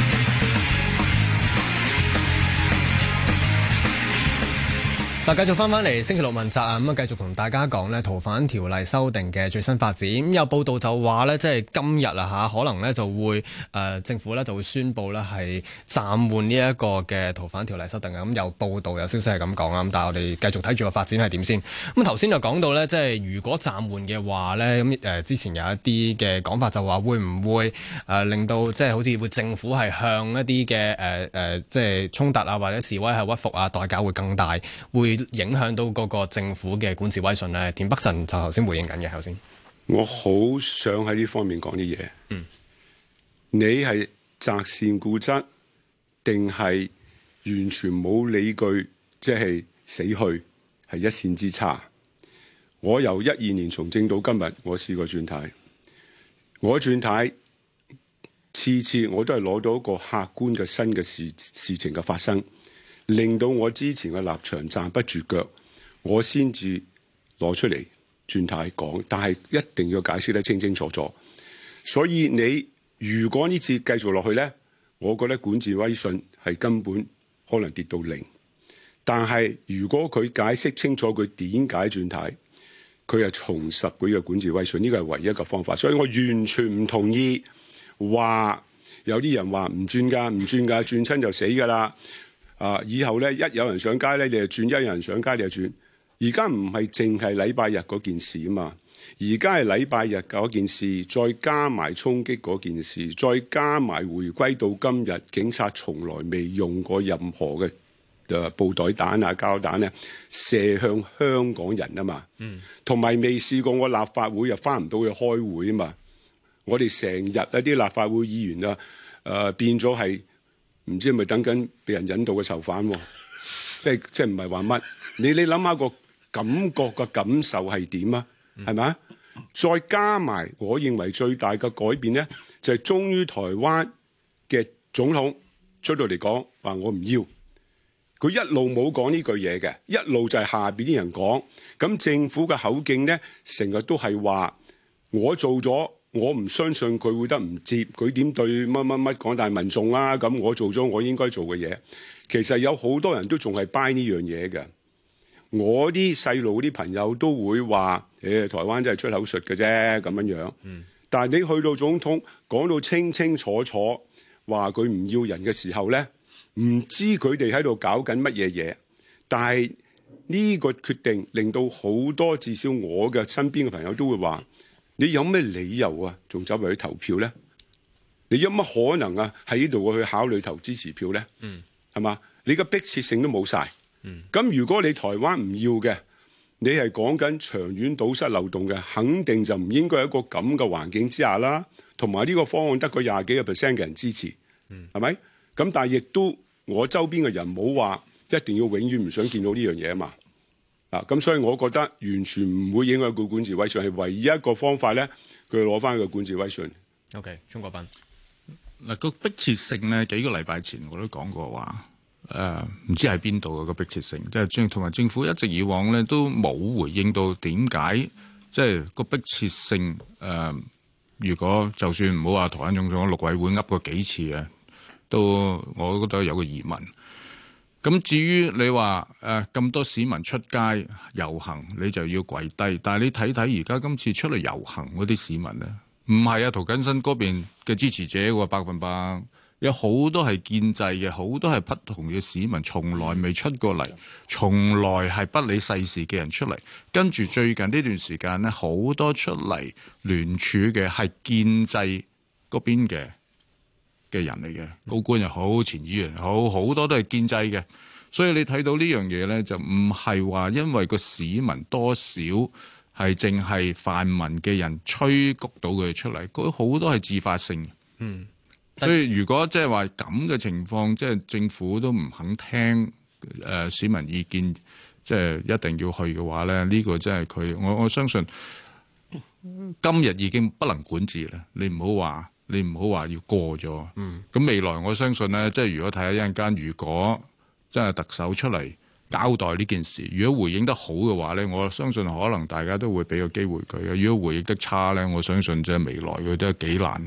嗱，繼續翻翻嚟星期六問責啊！咁啊，繼續同大家講呢逃犯條例修訂嘅最新發展。咁有報道就話呢，即係今日啊吓，可能呢，就會誒、呃、政府呢，就會宣布呢係暫緩呢一個嘅逃犯條例修訂。咁有報道有消息係咁講啊！咁但係我哋繼續睇住個發展係點先。咁頭先就講到呢，即係如果暫緩嘅話呢，咁誒之前有一啲嘅講法就話會唔會誒、呃、令到即係好似會政府係向一啲嘅誒誒即係衝突啊或者示威係屈服啊代價會更大會。會影響到嗰個政府嘅管治威信咧，田北辰就頭先回應緊嘅頭先。我好想喺呢方面講啲嘢。嗯，你係擇善固執，定係完全冇理據，即係死去，係一線之差。我由一二年從政到今日，我試過轉態，我轉態，次次我都係攞到一個客觀嘅新嘅事事情嘅發生。令到我之前嘅立場站不住腳，我先至攞出嚟轉態講，但係一定要解釋得清清楚楚。所以你如果呢次繼續落去呢，我覺得管治威信係根本可能跌到零。但係如果佢解釋清楚佢點解轉態，佢又重拾佢嘅管治威信，呢個係唯一嘅方法。所以我完全唔同意話有啲人話唔轉㗎，唔轉㗎，轉親就死㗎啦。啊！以後咧，一有人上街咧，你就轉；一有人上街，你就轉。而家唔係淨係禮拜日嗰件事啊嘛，而家係禮拜日嗰件事，再加埋衝擊嗰件事，再加埋回歸到今日，警察從來未用過任何嘅誒布袋彈啊、膠彈啊，射向香港人啊嘛。嗯。同埋未試過，我立法會又翻唔到去開會啊嘛。我哋成日一啲立法會議員啊，誒、呃、變咗係。唔知係咪等緊俾人引導嘅囚犯，即係即係唔係話乜？你你諗下個感覺個感受係點啊？係咪？嗯、再加埋我認為最大嘅改變咧，就係終於台灣嘅總統出到嚟講話我唔要，佢一路冇講呢句嘢嘅，一路就係下邊啲人講，咁政府嘅口徑咧成日都係話我做咗。我唔相信佢會得唔接，佢點對乜乜乜廣大民眾啊，咁我做咗我應該做嘅嘢。其實有好多人都仲係 buy 呢樣嘢嘅。我啲細路啲朋友都會話，誒、哎、台灣真係出口術嘅啫，咁樣樣。嗯。但係你去到總統講到清清楚楚，話佢唔要人嘅時候咧，唔知佢哋喺度搞緊乜嘢嘢。但係呢個決定令到好多，至少我嘅身邊嘅朋友都會話。你有咩理由啊？仲走埋去投票咧？你有乜可能啊？喺呢度去考慮投支持票咧？嗯，係嘛？你嘅迫切性都冇晒。嗯，咁如果你台灣唔要嘅，你係講緊長遠堵塞漏洞嘅，肯定就唔應該喺一個咁嘅環境之下啦。同埋呢個方案得個廿幾個 percent 嘅人支持，嗯，係咪？咁但係亦都我周邊嘅人冇話一定要永遠唔想見到呢樣嘢啊嘛。嗱，咁、啊、所以我覺得完全唔會影響佢管治威信，係唯一一個方法咧，佢攞翻佢管治威信。O、okay, K.，鍾國斌，嗱，個迫切性咧，幾個禮拜前我都講過話，誒、呃、唔知喺邊度嘅個迫切性，即係政同埋政府一直以往咧都冇回應到點解，即係個迫切性。誒、呃，如果就算唔好話台灣總統陸委會噏過幾次嘅，都我覺得有個疑問。咁至於你話啊，咁多市民出街遊行，你就要跪低。但係你睇睇而家今次出嚟遊行嗰啲市民呢，唔係啊，涂謹申嗰邊嘅支持者喎，百分百有好多係建制嘅，好多係不同嘅市民，從來未出過嚟，從來係不理世事嘅人出嚟，跟住最近呢段時間呢，好多出嚟聯署嘅係建制嗰邊嘅。嘅人嚟嘅，高官又好，前議員好，好多都係建制嘅，所以你睇到呢樣嘢咧，就唔係話因為個市民多少係淨係泛民嘅人催谷到佢出嚟，佢好多係自發性。嗯，所以如果即係話咁嘅情況，即係政府都唔肯聽誒市民意見，即係一定要去嘅話咧，呢個真係佢，我我相信今日已經不能管治啦。你唔好話。你唔好話要過咗，咁、嗯、未來我相信呢，即係如果睇下一陣間，如果真係特首出嚟交代呢件事，如果回應得好嘅話呢，我相信可能大家都會俾個機會佢，如果回應得差呢，我相信即係未來佢都幾難。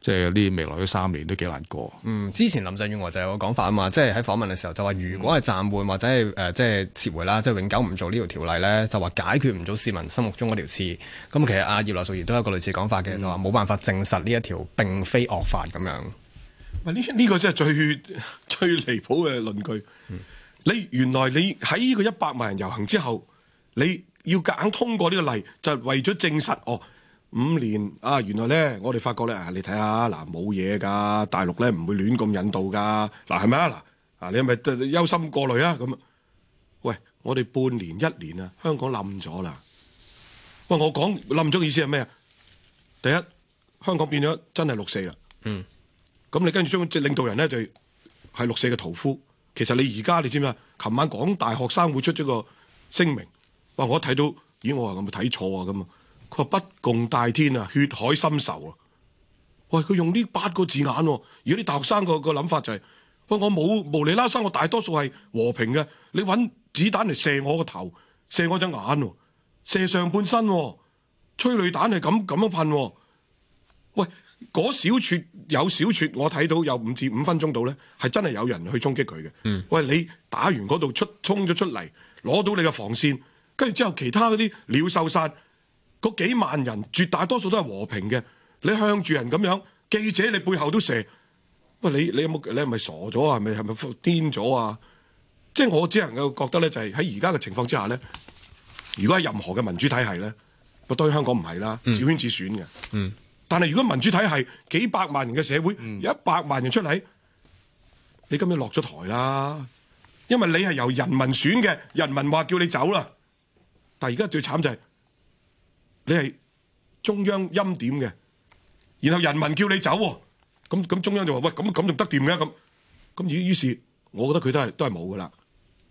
即係呢未來三年都幾難過。嗯，之前林鄭月娥就有個講法啊嘛，即係喺訪問嘅時候就話，如果係暫緩或者係誒即係撤回啦，即係永久唔做呢條條例咧，就話解決唔到市民心目中嗰條刺。咁其實阿葉劉淑儀都有一個類似講法嘅，嗯、就話冇辦法證實呢一條並非惡法咁樣。唔係呢呢個真係最最離譜嘅論據。嗯、你原來你喺呢個一百萬人遊行之後，你要夾硬通過呢個例，就係、是、為咗證實哦。五年啊，原來咧，我哋發覺咧，你睇下嗱，冇嘢噶，大陸咧唔會亂咁引導噶，嗱係咪啊嗱？啊，你係咪、啊啊啊、憂心過慮啊？咁、啊，喂，我哋半年一年啊，香港冧咗啦。喂，我講冧咗意思係咩啊？第一，香港變咗真係六四啦。嗯。咁你跟住將即領導人咧就係、是、六四嘅屠夫。其實你而家你知唔知？琴晚港大學生會出咗個聲明，喂！我一睇到，咦？我話我咪睇錯啊咁啊！佢話不共戴天啊，血海深仇啊！喂，佢用呢八個字眼啊。而家啲大學生、個個諗法就係：喂，我冇無理啦，生我大多數係和平嘅。你搵子彈嚟射我個頭，射我隻眼啊，射上半身啊，催淚彈係咁咁樣噴啊。喂，嗰小撮有小撮，我睇到有五至五分鐘度咧，係真係有人去衝擊佢嘅。嗯，喂，你打完嗰度出，衝咗出嚟，攞到你嘅防線，跟住之後其他嗰啲鳥獸散。嗰幾萬人絕大多數都係和平嘅，你向住人咁樣，記者你背後都射，喂，你你有冇，你係咪傻咗啊？係咪係咪癲咗啊？即係、就是、我只能夠覺得咧，就係喺而家嘅情況之下咧，如果係任何嘅民主體系咧，當然香港唔係啦，小圈子選嘅，嗯，但係如果民主體系幾百萬人嘅社會，有一百萬人出嚟，嗯、你今日落咗台啦，因為你係由人民選嘅，人民話叫你走啦，但係而家最慘就係。你係中央欽點嘅，然後人民叫你走，咁咁中央就話喂，咁咁仲得掂嘅？咁，咁於於是我覺得佢都係都係冇噶啦，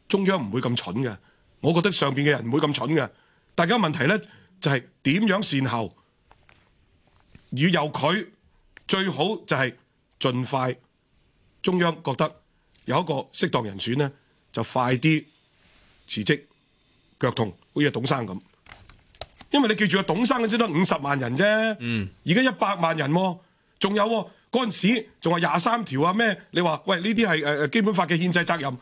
中央唔會咁蠢嘅，我覺得上邊嘅人唔會咁蠢嘅，大家問題咧就係點樣善後，要由佢最好就係盡快，中央覺得有一個適當人選咧就快啲辭職，腳痛，好似董生咁。因為你記住啊，董生先得五十萬人啫，而家一百萬人，仲有嗰陣時仲話廿三條啊咩？你話喂呢啲係基本法嘅憲制責任，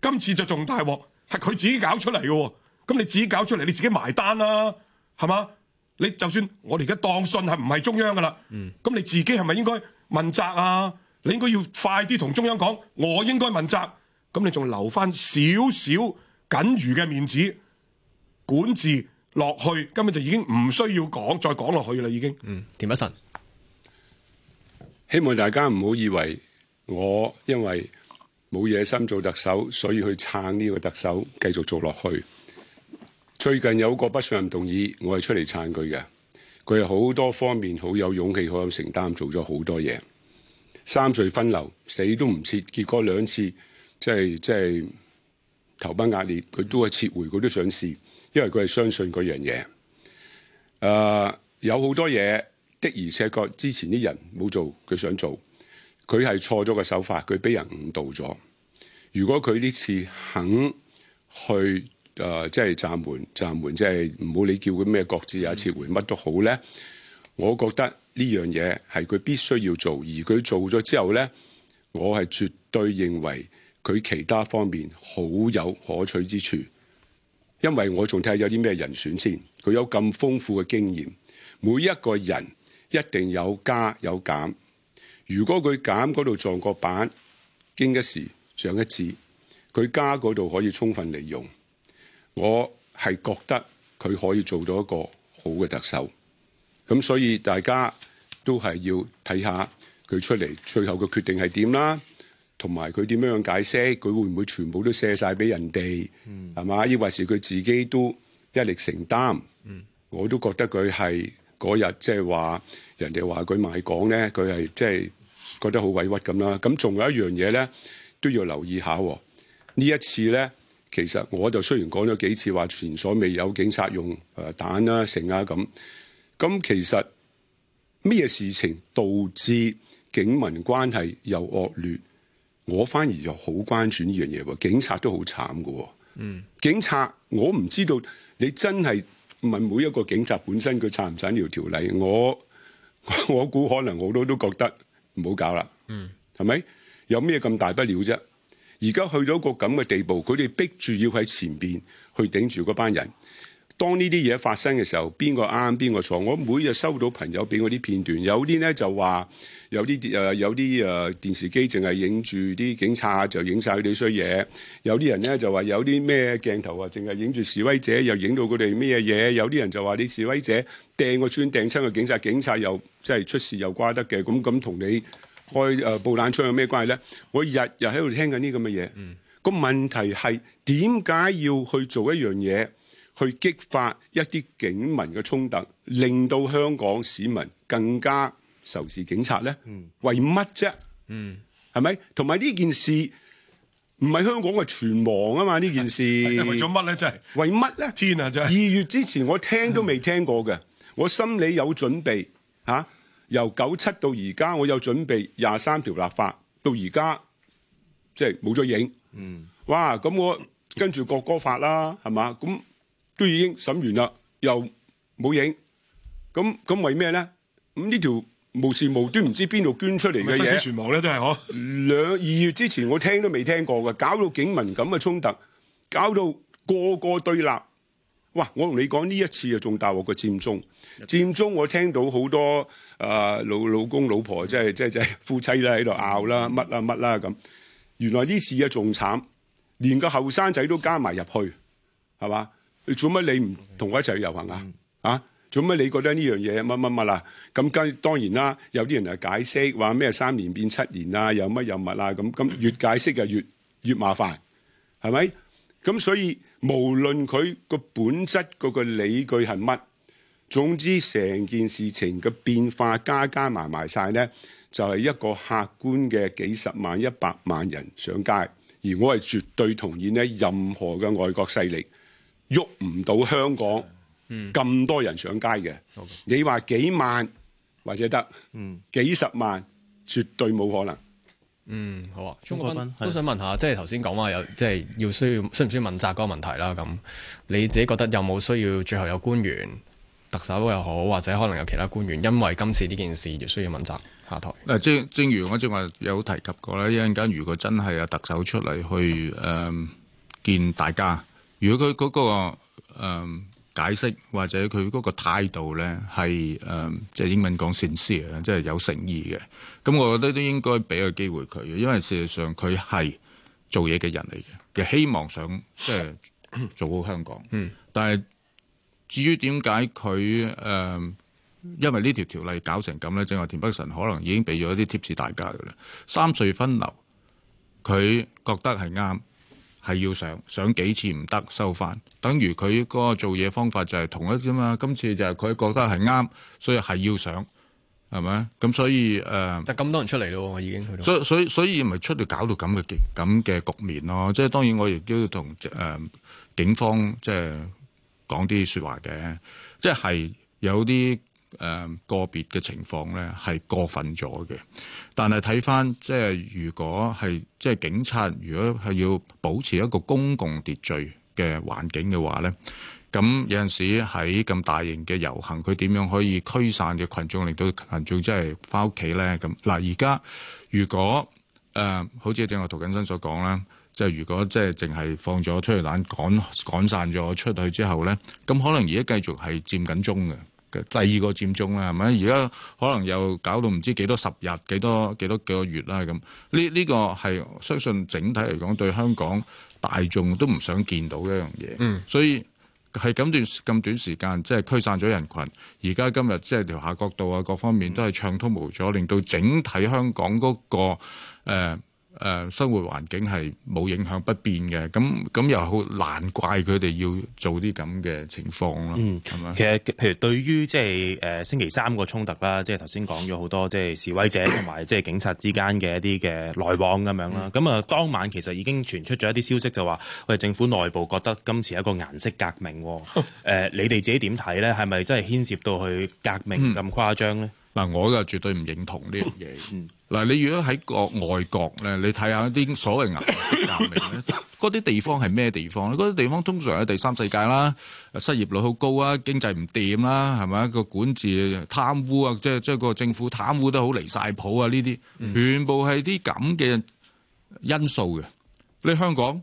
今次就仲大鑊係佢自己搞出嚟嘅，啊，咁你自己搞出嚟你自己埋單啦，啊，係嘛？你就算我哋而家當信係唔係中央噶啦，咁你自己係咪應該問責啊？你應該要快啲同中央講，我應該問責，咁你仲留翻少少僅餘嘅面子管治。落去根本就已經唔需要講，再講落去啦，已經。嗯，田北辰，希望大家唔好以為我因為冇野心做特首，所以去撐呢個特首繼續做落去。最近有個不信任動議，我係出嚟撐佢嘅。佢係好多方面好有勇氣，好有承擔，做咗好多嘢。三隧分流死都唔撤，結果兩次即係即係頭崩額裂，佢都係撤回，佢都想試。因為佢係相信嗰樣嘢，誒、呃、有好多嘢，的而且確之前啲人冇做，佢想做，佢係錯咗個手法，佢俾人誤導咗。如果佢呢次肯去誒，即係暫緩、暫緩、就是，即係唔好你叫佢咩國字又一撤回，乜都好咧，我覺得呢樣嘢係佢必須要做，而佢做咗之後咧，我係絕對認為佢其他方面好有可取之處。因為我仲睇下有啲咩人選先，佢有咁豐富嘅經驗，每一個人一定有加有減。如果佢減嗰度撞個板，經一事長一智，佢加嗰度可以充分利用。我係覺得佢可以做到一個好嘅特首，咁所以大家都係要睇下佢出嚟最後嘅決定係點啦。同埋佢點樣解釋，佢會唔會全部都卸晒俾人哋？係嘛、嗯？抑或是佢自己都一力承擔？嗯、我都覺得佢係嗰日即係話人哋話佢賣港咧，佢係即係覺得好委屈咁啦。咁仲有一樣嘢咧，都要留意一下。呢一次咧，其實我就雖然講咗幾次話前所未有警察用誒彈啦、成啊咁。咁其實咩事情導致警民關係又惡劣？我反而又好關注呢樣嘢喎，警察都好慘嘅喎。嗯，警察我唔知道你真係問每一個警察本身佢撐唔撐呢條條例，我我估可能好多都覺得唔好搞啦。嗯，係咪有咩咁大不了啫？而家去到個咁嘅地步，佢哋逼住要喺前邊去頂住嗰班人。當呢啲嘢發生嘅時候，邊個啱邊個錯？我每日收到朋友俾我啲片段，有啲咧就話有啲誒有啲誒電視機淨係影住啲警察就影晒佢哋衰嘢，有啲人咧就話有啲咩鏡頭啊，淨係影住示威者，又影到佢哋咩嘢，有啲人就話啲示威者掟個磚掟親個警察，警察又即係、就是、出事又瓜得嘅，咁咁同你開誒、呃、布冷槍有咩關係咧？我日日喺度聽緊啲咁嘅嘢，嗯、個問題係點解要去做一樣嘢？去激發一啲警民嘅衝突，令到香港市民更加仇視警察咧？嗯、為乜啫？係咪、嗯？同埋呢件事唔係香港嘅存亡啊嘛？呢件事為咗乜咧？真係為乜咧？天啊！真係二月之前我聽都未聽過嘅，嗯、我心理有準備嚇、啊。由九七到而家，我有準備廿三條立法到而家，即係冇咗影。嗯、哇！咁我跟住國歌法啦，係嘛？咁都已經審完啦，又冇影，咁咁為咩咧？咁呢條無事無端唔知邊度捐出嚟嘅嘢，生死全亡咧都係嗬。兩二月之前我聽都未聽過嘅，搞到警民咁嘅衝突，搞到個個對立。哇！我同你講呢一次啊，仲大鑊過佔中。佔中我聽到好多啊、呃、老老公老婆，即係即係即係夫妻啦，喺度拗啦，乜啦乜啦咁。原來呢次啊仲慘，連個後生仔都加埋入去，係嘛？做乜你唔同我一齊去遊行啊？啊，做乜你覺得呢樣嘢乜乜乜啦？咁跟當然啦，有啲人係解釋話咩三年變七年啊，有乜有乜啊？咁咁越解釋就越越麻煩，係咪？咁所以無論佢個本質，佢個理據係乜，總之成件事情嘅變化加加埋埋晒咧，就係一個客觀嘅幾十萬、一百萬人上街。而我係絕對同意咧，任何嘅外國勢力。喐唔到香港咁多人上街嘅，嗯、你話幾萬或者得、嗯、幾十萬，絕對冇可能。嗯，好啊，鍾國斌都想問下，即係頭先講話有，即係要需要需唔需，需要問責嗰個問題啦。咁你自己覺得有冇需要？最後有官員特首又好，或者可能有其他官員，因為今次呢件事而需要問責下台？嗱，正正如我正話有提及過啦，一陣間如果真係有特首出嚟去誒、呃、見大家。如果佢嗰、那個、嗯、解釋或者佢嗰個態度咧係誒，即係、嗯就是、英文講善思啊，即、就、係、是、有誠意嘅。咁我覺得都應該俾個機會佢，因為事實上佢係做嘢嘅人嚟嘅，亦希望想即係、就是、做好香港。嗯、但係至於點解佢誒，因為呢條條例搞成咁咧，正話田北辰可能已經俾咗啲貼士大家㗎啦。三隧分流，佢覺得係啱。係要上上幾次唔得收翻，等於佢嗰個做嘢方法就係同一啫嘛。今次就係佢覺得係啱，所以係要上，係咪？咁所以誒，就咁多人出嚟咯，我已經去到，所以所以所以咪出到搞到咁嘅極咁嘅局面咯。即係當然我亦都要同誒、呃、警方即係講啲説話嘅，即係有啲。誒個別嘅情況咧係過分咗嘅，但係睇翻即係如果係即係警察，如果係要保持一個公共秩序嘅環境嘅話咧，咁有陣時喺咁大型嘅遊行，佢點樣可以驅散嘅群眾，令到群眾即係翻屋企咧？咁嗱，而家如果誒好似正如涂謹申所講啦，即係如果即係淨係放咗催淚彈趕趕散咗出去之後咧，咁可能而家繼續係佔緊中嘅。第二個佔中啦，係咪？而家可能又搞到唔知幾多十日、幾多幾多幾個月啦咁。呢呢、呢個係、呢個、相信整體嚟講對香港大眾都唔想見到嘅一樣嘢，嗯、所以係咁短咁短時間，即係驅散咗人群。而家今日即係條夏慤道啊，各方面都係暢通無阻，嗯、令到整體香港嗰、嗰個、呃誒生活環境係冇影響不變嘅，咁咁又好難怪佢哋要做啲咁嘅情況咯。嗯，係嘛？其實，譬如對於即係誒星期三個衝突啦，即係頭先講咗好多，即係示威者同埋即係警察之間嘅一啲嘅來往咁、嗯、樣啦。咁啊，當晚其實已經傳出咗一啲消息就，就話我政府內部覺得今次一個顏色革命。誒、哦呃，你哋自己點睇咧？係咪真係牽涉到去革命咁誇張咧？嗯嗱，我就絕對唔認同呢樣嘢。嗱，你如果喺國外國咧，你睇下啲所謂銀行嘅陷阱咧，嗰啲地方係咩地方咧？嗰啲地方通常係第三世界啦，失業率好高啊，經濟唔掂啦，係咪啊？個管治貪污啊，即係即係個政府貪污都好離晒譜啊！呢啲全部係啲咁嘅因素嘅。你香港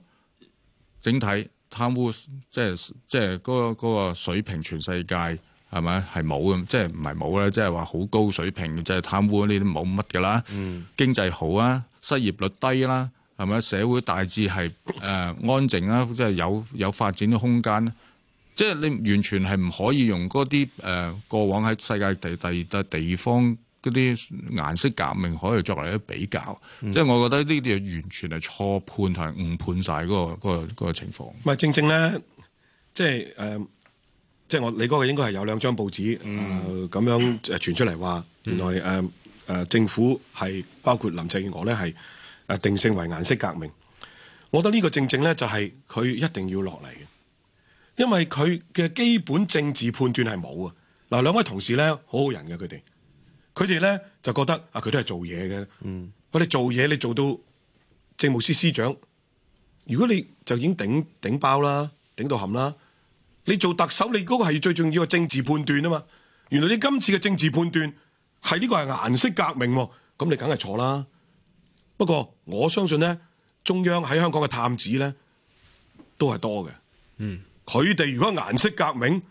整體貪污，即係即係嗰個嗰個水平，全世界。係咪？係冇咁，即係唔係冇咧？即係話好高水平，即係貪污呢啲冇乜嘅啦。嗯、經濟好啊，失業率低啦，係咪社會大致係誒、呃、安靜啊？即係有有發展嘅空間。即係你完全係唔可以用嗰啲誒過往喺世界第第二笪地方嗰啲顏色革命可以作為一比較。即係、嗯、我覺得呢啲嘢完全係錯判同誤判晒嗰個嗰個嗰個情況。咪正正咧，即係誒。呃即係我你嗰個應該係有兩張報紙咁、嗯呃、樣傳出嚟話，原來誒誒、嗯呃、政府係包括林鄭月娥咧係誒定性為顏色革命。我覺得這個政政呢個正正咧就係、是、佢一定要落嚟嘅，因為佢嘅基本政治判斷係冇啊。嗱，兩位同事咧好好人嘅佢哋，佢哋咧就覺得啊，佢都係做嘢嘅。嗯，佢哋做嘢你做到政務司司長，如果你就已經頂頂包啦，頂到冚啦。你做特首，你嗰個係最重要嘅政治判斷啊嘛！原來你今次嘅政治判斷係、啊、呢個係顏色革命，咁你梗係錯啦。不過我相信咧，中央喺香港嘅探子咧都係多嘅。嗯，佢哋如果顏色革命，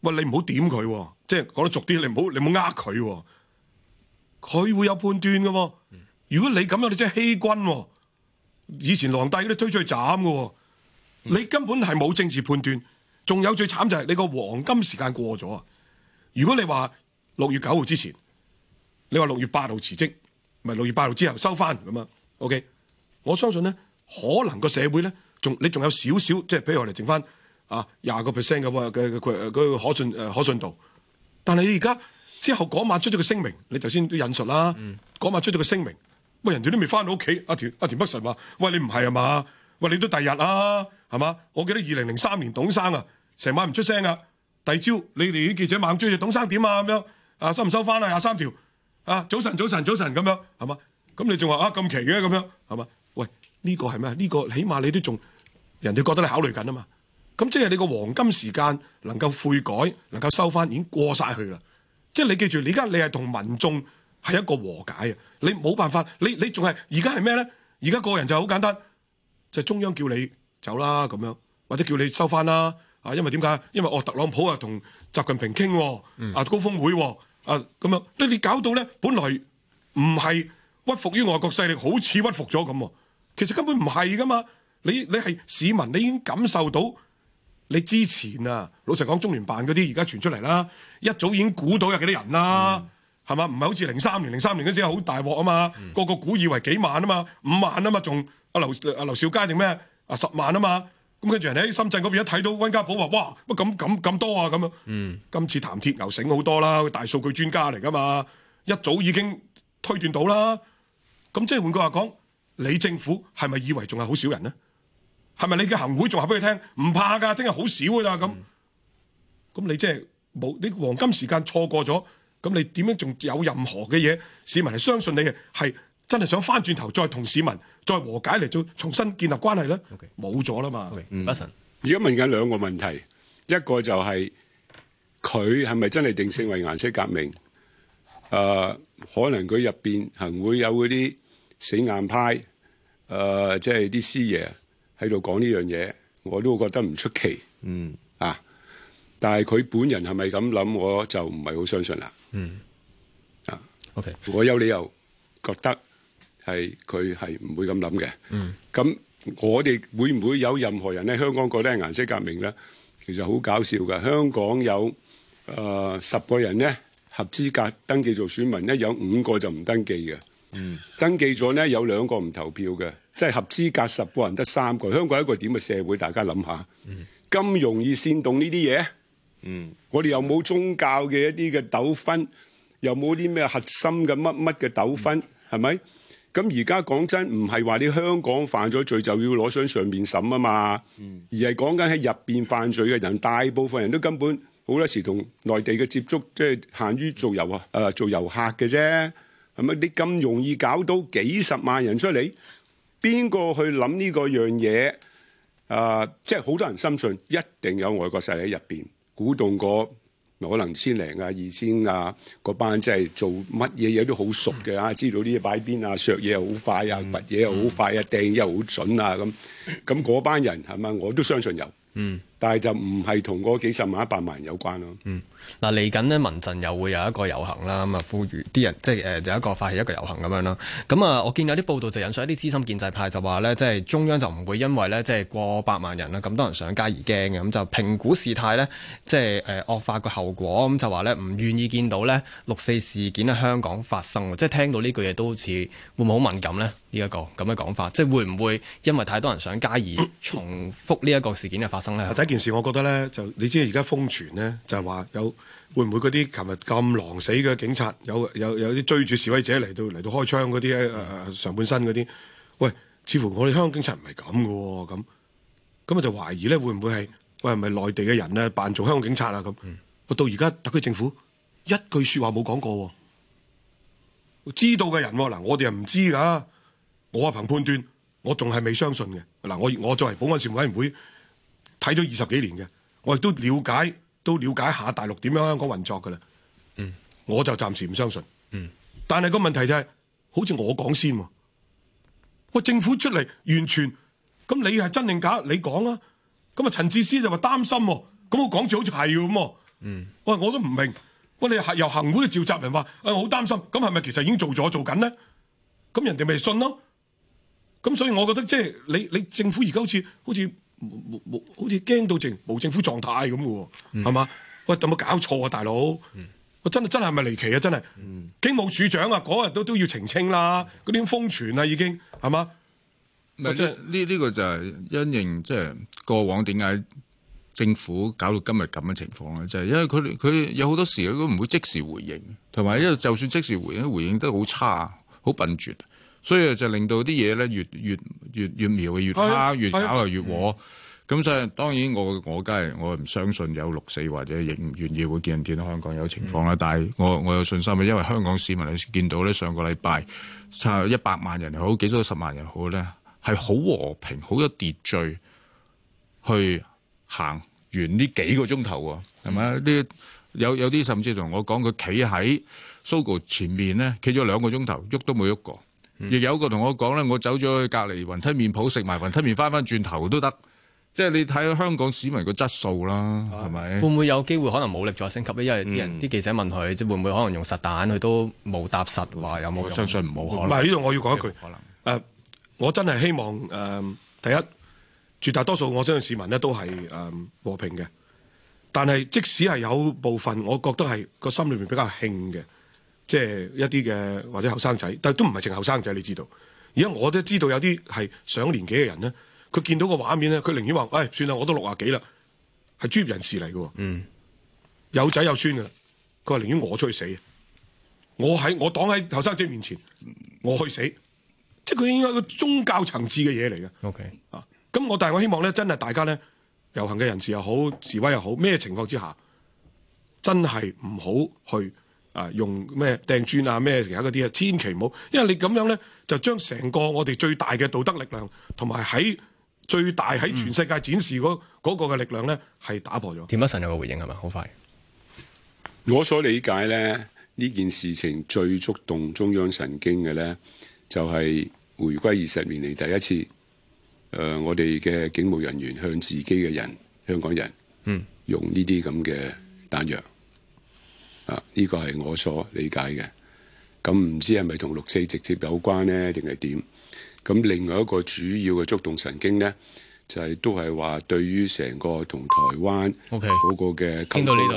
喂你唔好點佢，即係講得俗啲，你唔好你唔好呃佢，佢會有判斷噶、啊。如果你咁樣，你即係欺君、啊。以前皇帝都推出去斬噶、啊，嗯、你根本係冇政治判斷。仲有最慘就係你個黃金時間過咗啊！如果你話六月九號之前，你話六月八號辭職，咪六月八號之後收翻咁啊？OK，我相信咧，可能個社會咧，仲你仲有少少，即係譬如我哋剩翻啊廿個 percent 嘅嘅嘅嘅可信誒可信度。但係你而家之後嗰晚出咗個聲明，你就先都引述啦。嗰、嗯、晚出咗個聲明，喂人哋都未翻到屋企，阿田阿田北辰話：喂你唔係啊嘛？喂你都第二日啦，係嘛？我記得二零零三年董生啊！成晚唔出聲啊！第二朝你哋啲記者猛追住，董生點啊？咁樣啊，收唔收翻啊？廿三條啊！早晨，早晨，早晨咁樣係嘛？咁你仲話啊咁奇嘅咁樣係嘛？喂，呢個係咩？呢個起碼你都仲人哋覺得你考慮緊啊嘛！咁即係你個黃金時間能夠悔改、能夠收翻已經過晒去啦。即係你記住，你而家你係同民眾係一個和解啊！你冇辦法，你你仲係而家係咩咧？而家個人就好簡單，就係中央叫你走啦咁樣，或者叫你收翻啦。啊，因為點解？因為哦，特朗普啊，同習近平傾啊高峰會啊咁樣，你搞到咧，本來唔係屈服於外國勢力，好似屈服咗咁，其實根本唔係噶嘛。你你係市民，你已經感受到，你之前啊，老實講，中聯辦嗰啲而家傳出嚟啦，一早已經估到有幾多人啦，係嘛、嗯？唔係好似零三年、零三年嗰陣係好大鑊啊嘛，嗯、個個估以為幾萬啊嘛，五萬啊嘛，仲阿劉阿劉兆佳定咩啊十萬啊嘛。咁跟住人喺深圳嗰邊一睇到溫家寶話：哇，乜咁咁咁多啊？咁樣，嗯、今次譚鐵牛醒好多啦，大數據專家嚟㗎嘛，一早已經推斷到啦。咁即係換句話講，你政府係咪以為仲係好少人呢？係咪你嘅行會仲話俾佢聽唔怕㗎？聽日好少㗎啦咁。咁、嗯、你即係冇你黃金時間錯過咗，咁你點樣仲有任何嘅嘢？市民係相信你嘅真係想翻轉頭再同市民再和解嚟做重新建立關係咧，冇咗啦嘛。OK，而家問緊兩個問題，一個就係佢係咪真係定性為顏色革命？誒、呃，可能佢入邊係會有嗰啲死硬派，誒、呃，即係啲師爺喺度講呢樣嘢，我都覺得唔出奇。嗯，mm. 啊，但係佢本人係咪咁諗，我就唔係好相信啦。嗯、mm. Okay. 啊，啊，OK，我有理由覺得。係佢係唔會咁諗嘅。咁我哋會唔會有任何人咧？香港覺得係顏色革命咧，其實好搞笑噶。香港有誒十個人咧合資格登記做選民咧，有五個就唔登記嘅。登記咗咧有兩個唔投票嘅，即係合資格十個人得三個。香港係一個點嘅社會，大家諗下，咁容易煽動呢啲嘢？嗯，我哋又冇宗教嘅一啲嘅糾紛，又冇啲咩核心嘅乜乜嘅糾紛，係咪？咁而家講真，唔係話你香港犯咗罪就要攞上上面審啊嘛，嗯、而係講緊喺入邊犯罪嘅人，大部分人都根本好多時同內地嘅接觸，即係限於做遊啊，誒做遊客嘅啫。係咪你咁容易搞到幾十萬人出嚟？邊個去諗呢個樣嘢？誒，即係好多人深信，一定有外國勢力喺入邊鼓動過。可能千零啊、二千啊嗰班，即係做乜嘢嘢都好熟嘅啊，嗯、知道啲嘢擺邊啊，削嘢又好快啊，乜嘢又好快啊，掟嘢又好準啊，咁咁嗰班人係咪？我都相信有，嗯，但係就唔係同嗰幾十萬、一百萬人有關咯，嗯。嗱，嚟緊呢，民陣又會有一個遊行啦，咁啊，呼籲啲人即係誒有一個發起一個遊行咁樣啦。咁啊，我見有啲報道就引述一啲資深建制派就話呢，即係中央就唔會因為呢，即係過百萬人啦，咁多人上街而驚嘅。咁就評估事態呢，即係惡化個後果，咁就話呢，唔願意見到呢六四事件喺香港發生。即係聽到呢句嘢都好似會唔會好敏感呢？呢一個咁嘅講法，即係會唔會因為太多人上街而重複呢一個事件嘅發生呢？第一件事我覺得呢，就你知而家風傳呢，就係話有。會唔會嗰啲琴日咁狼死嘅警察，有有有啲追住示威者嚟到嚟到開槍嗰啲誒誒上半身嗰啲？喂，似乎我哋香港警察唔係咁嘅，咁咁我就懷疑咧，會唔會係喂係咪內地嘅人咧扮做香港警察啊？咁、嗯、到而家特區政府一句說話冇講過，知道嘅人嗱我哋又唔知噶，我阿憑判斷，我仲係未相信嘅。嗱我我作為保安事務委員會睇咗二十幾年嘅，我亦都了解。都了解下大陸點樣香港運作嘅啦，嗯，我就暫時唔相信，嗯，但係個問題就係、是，好似我講先喎，喂，政府出嚟完全，咁你係真定假？你講啊，咁啊，陳智思就話擔心、哦，咁我講住好似係咁，嗯，喂，我都唔明，喂，你係由行會召集人話，啊、哎，我好擔心，咁係咪其實已經做咗做緊咧？咁人哋咪信咯，咁所以我覺得即係、就是、你你政府而家好似好似。冇冇好似驚到冇政府狀態咁嘅喎，係嘛？嗯、喂，有冇搞錯啊，大佬？嗯、我真係真係咪離奇啊？真係警、嗯、務處長啊，嗰日都都要澄清啦，嗰啲封存啊，嗯、啊已經係嘛？即係呢呢個就係因應即係、就是、過往點解政府搞到今日咁嘅情況咧？就係、是、因為佢佢有好多時佢唔會即時回應，同埋因為就算即時回應，回應都好差，好笨拙。所以就令到啲嘢咧，越越越越描嘅越差，越搞又越和。咁 所以當然我我梗係我唔相信有六四，或者亦唔願意會會見到香港有情況啦。 但係我我有信心嘅，因為香港市民見到咧，上個禮拜差一百萬人好，幾多十萬人好咧，係好和平、好有秩序去行完呢幾個鐘頭喎。係咪？啲 有有啲甚至同我講，佢企喺 Sogo 前面咧，企咗兩個鐘頭喐都冇喐過。亦、嗯、有個同我講咧，我走咗去隔離雲吞麵鋪食埋雲吞麵，翻翻轉頭都得。即係你睇香港市民個質素啦，係咪、嗯？是吧會唔會有機會可能武力再升級？因為啲人啲、嗯、記者問佢，即係會唔會可能用實彈，佢都冇答實話有冇？相信唔好可能。唔係呢度，這我要講一句。可能誒、呃，我真係希望誒、呃，第一絕大多數我相信市民呢都係誒、呃、和平嘅。但係即使係有部分，我覺得係個心裏面比較興嘅。即係一啲嘅或者後生仔，但係都唔係淨後生仔，你知道。而家我都知道有啲係上年紀嘅人咧，佢見到個畫面咧，佢寧願話：誒、哎，算啦，我都六啊幾啦，係專業人士嚟嘅。嗯。有仔有孫嘅，佢話寧願我出去死，我喺我擋喺後生仔面前，我去死。即係佢應該個宗教層次嘅嘢嚟嘅。OK。啊，咁我但係我希望咧，真係大家咧，遊行嘅人士又好，示威又好，咩情況之下，真係唔好去。啊！用咩掟磚啊？咩其他嗰啲啊？千祈唔好，因為你咁樣呢，就將成個我哋最大嘅道德力量，同埋喺最大喺全世界展示嗰個嘅力量呢，係、嗯、打破咗。田北辰有個回應係嘛？好快。我所理解呢，呢件事情最觸動中央神經嘅呢，就係、是、回歸二十年嚟第一次，誒、呃，我哋嘅警務人員向自己嘅人，香港人，嗯，用呢啲咁嘅彈藥。啊！呢、這個係我所理解嘅。咁、嗯、唔知係咪同六四直接有關咧，定係點，咁、嗯、另外一個主要嘅觸動神經咧，就係、是、都係話對於成個同台灣嗰個嘅、okay,。